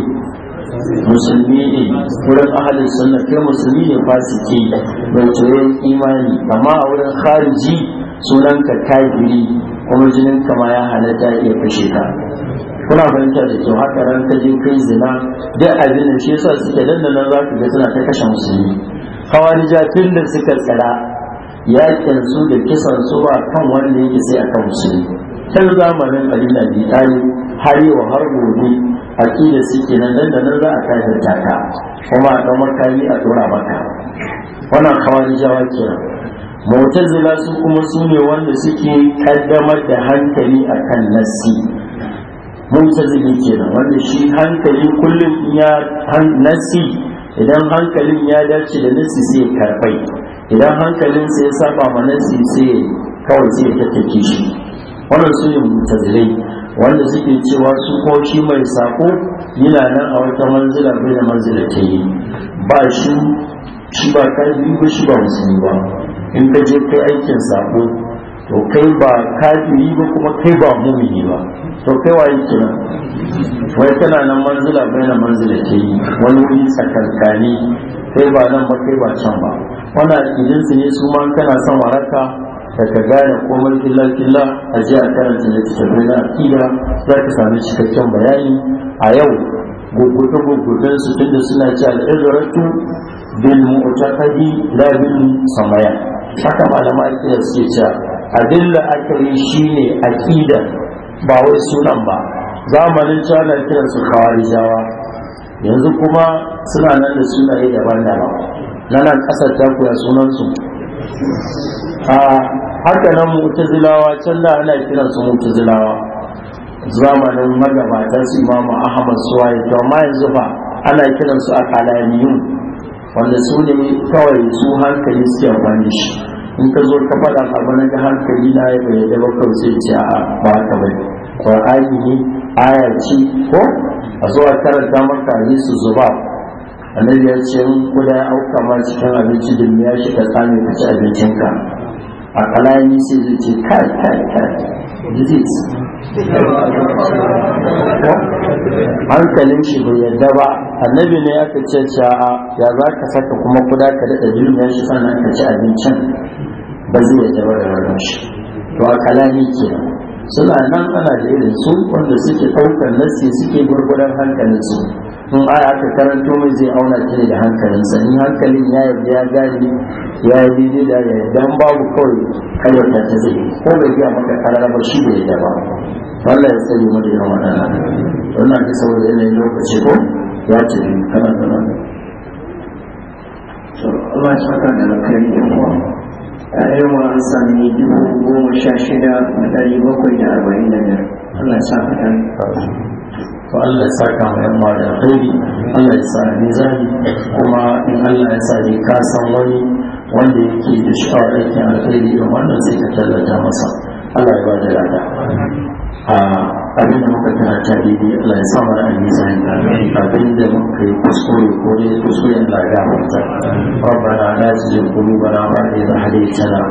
musulmi ne wurin ahalin sunna kai musulmi ne fasiki bai tsoron imani amma a wurin khariji sunanka kafiri kuma jinin kama ya halatta ya fashe ka kuna fahimta da kyau haka ran ta je kai zina duk abin da shi yasa suke nan za ku ga suna ta kashe musulmi hawarija tun da suka tsara yakin su da kisan su ba kan wanda yake sai akan musulmi tun zamanin alina bitani har yau har gobe aƙida su ke nan dan da nan za a da taka kuma a ɗan makami a tura maka wannan kawai jawa kenan mu'tazila su kuma su ne wanda suke kaddamar da hankali akan nassi mu'tazili kenan wanda shi hankali kullum ya nassi idan hankalin ya dace da nassi sai ya karfai idan hankalin sai ya saba ma nassi sai kawai sai ya tattake shi wannan su ne mu'tazilai wanda suke cewa su ko shi mai sako yana nan a wata manzila bai da manzila ta yi ba shi shi ba karfi ba shi ba musulmi ba in ka je kai aikin sako to kai ba kafiri ba kuma kai ba mumini ba to kai waye nan wai tana nan manzila bai da manzila ta yi wani wuri tsakankani kai ba nan ba kai ba can ba wannan su ne su ma kana son waraka da ka gane komai killa killa a ji a karanta littattafai na akida za ka sami cikakken bayani a yau gurgurta gurgurtan su tunda suna ci al'izaratu bin mu'taqadi kadi samaya haka malama aƙida suke cewa adilla akari ne akida ba wai sunan ba zamanin su kiransu jawa yanzu kuma suna nan da sunaye daban-daban na nan ƙasar ta kuya sunansu a haka nan mutazilawa can da ana kiran su mutazilawa zamanin magabatan su imamu ahmad suwaye to amma yanzu fa ana kiran su akalaniyun wanda su ne kawai su hankali suke amfani shi in ka zo ka faɗa na ga hankali na ya bai da bakwai sai ce a ba ka qur'ani ne aya ce ko a zuwa karanta maka su zuba annabi ya ce in kuda ya auka ma cikin abinci da ya shi ka tsame ka ci abincinka a kalani sai zai hankalin shi bai yadda ba annabi ne aka ce sha'a ya za ka saka kuma kuda ka daɗa jirgin shi sannan ka ci abincin ba zai yadda ba da shi to a kalani kenan suna nan ana da irin su wanda suke ɗaukar nasi suke gurgudar hankalin su in aya aka karanto mai zai auna ta ne da hankalin sa, in hankalin ya yi ya gane ya yi daidai da ya yarda babu kawai karyata ta zai ko bai biya maka karara ba shi bai yarda ba Allah ya sani mu da yawan waɗannan wannan ta saboda yanayin lokaci ko ya ce kana kana Allah ya saka da alkhairi da kuma a yau an sami dubu goma sha shida da ɗari bakwai da arba'in da biyar Allah ya saka da to Allah ya saka mu yamma da alkhairi Allah ya sa ni zani kuma in Allah ya sa ni ka san wani wanda yake da sha'awar aikin alkhairi da wannan sai ka tallata masa Allah ya ba da lada abin da muka ta daidai Allah ya samu a nisan abin da muka yi kuskure ko ne kuskure da ga wata rabbana la tuzigh qulubana ba'da idh hadaytana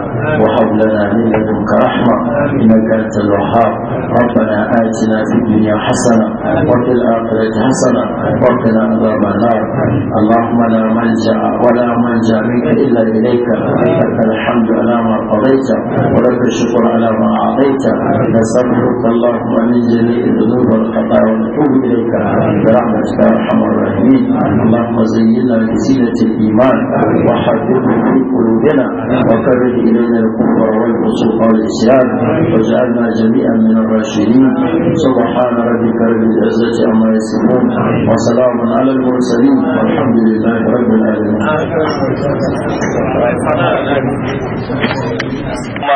wa hab lana min ladunka rahma innaka antal wahhab rabbana atina fid dunya hasana wa fil akhirati hasana wa qina adhaban nar allahumma la manja wa la manja minka illa ilayka الحمد على ما قضيت ولك الشكر على ما أعطيت نسألك اللهم من جميع الذنوب والخطايا ونتوب اليك برحمتك يا ارحم الراحمين اللهم زينا بزينه الايمان وحببه في قلوبنا وكرر الينا الكفر والفسوق والعصيان واجعلنا جميعا من الراشدين سبحان ربك رب العزه عما يصفون وسلام على المرسلين والحمد لله رب العالمين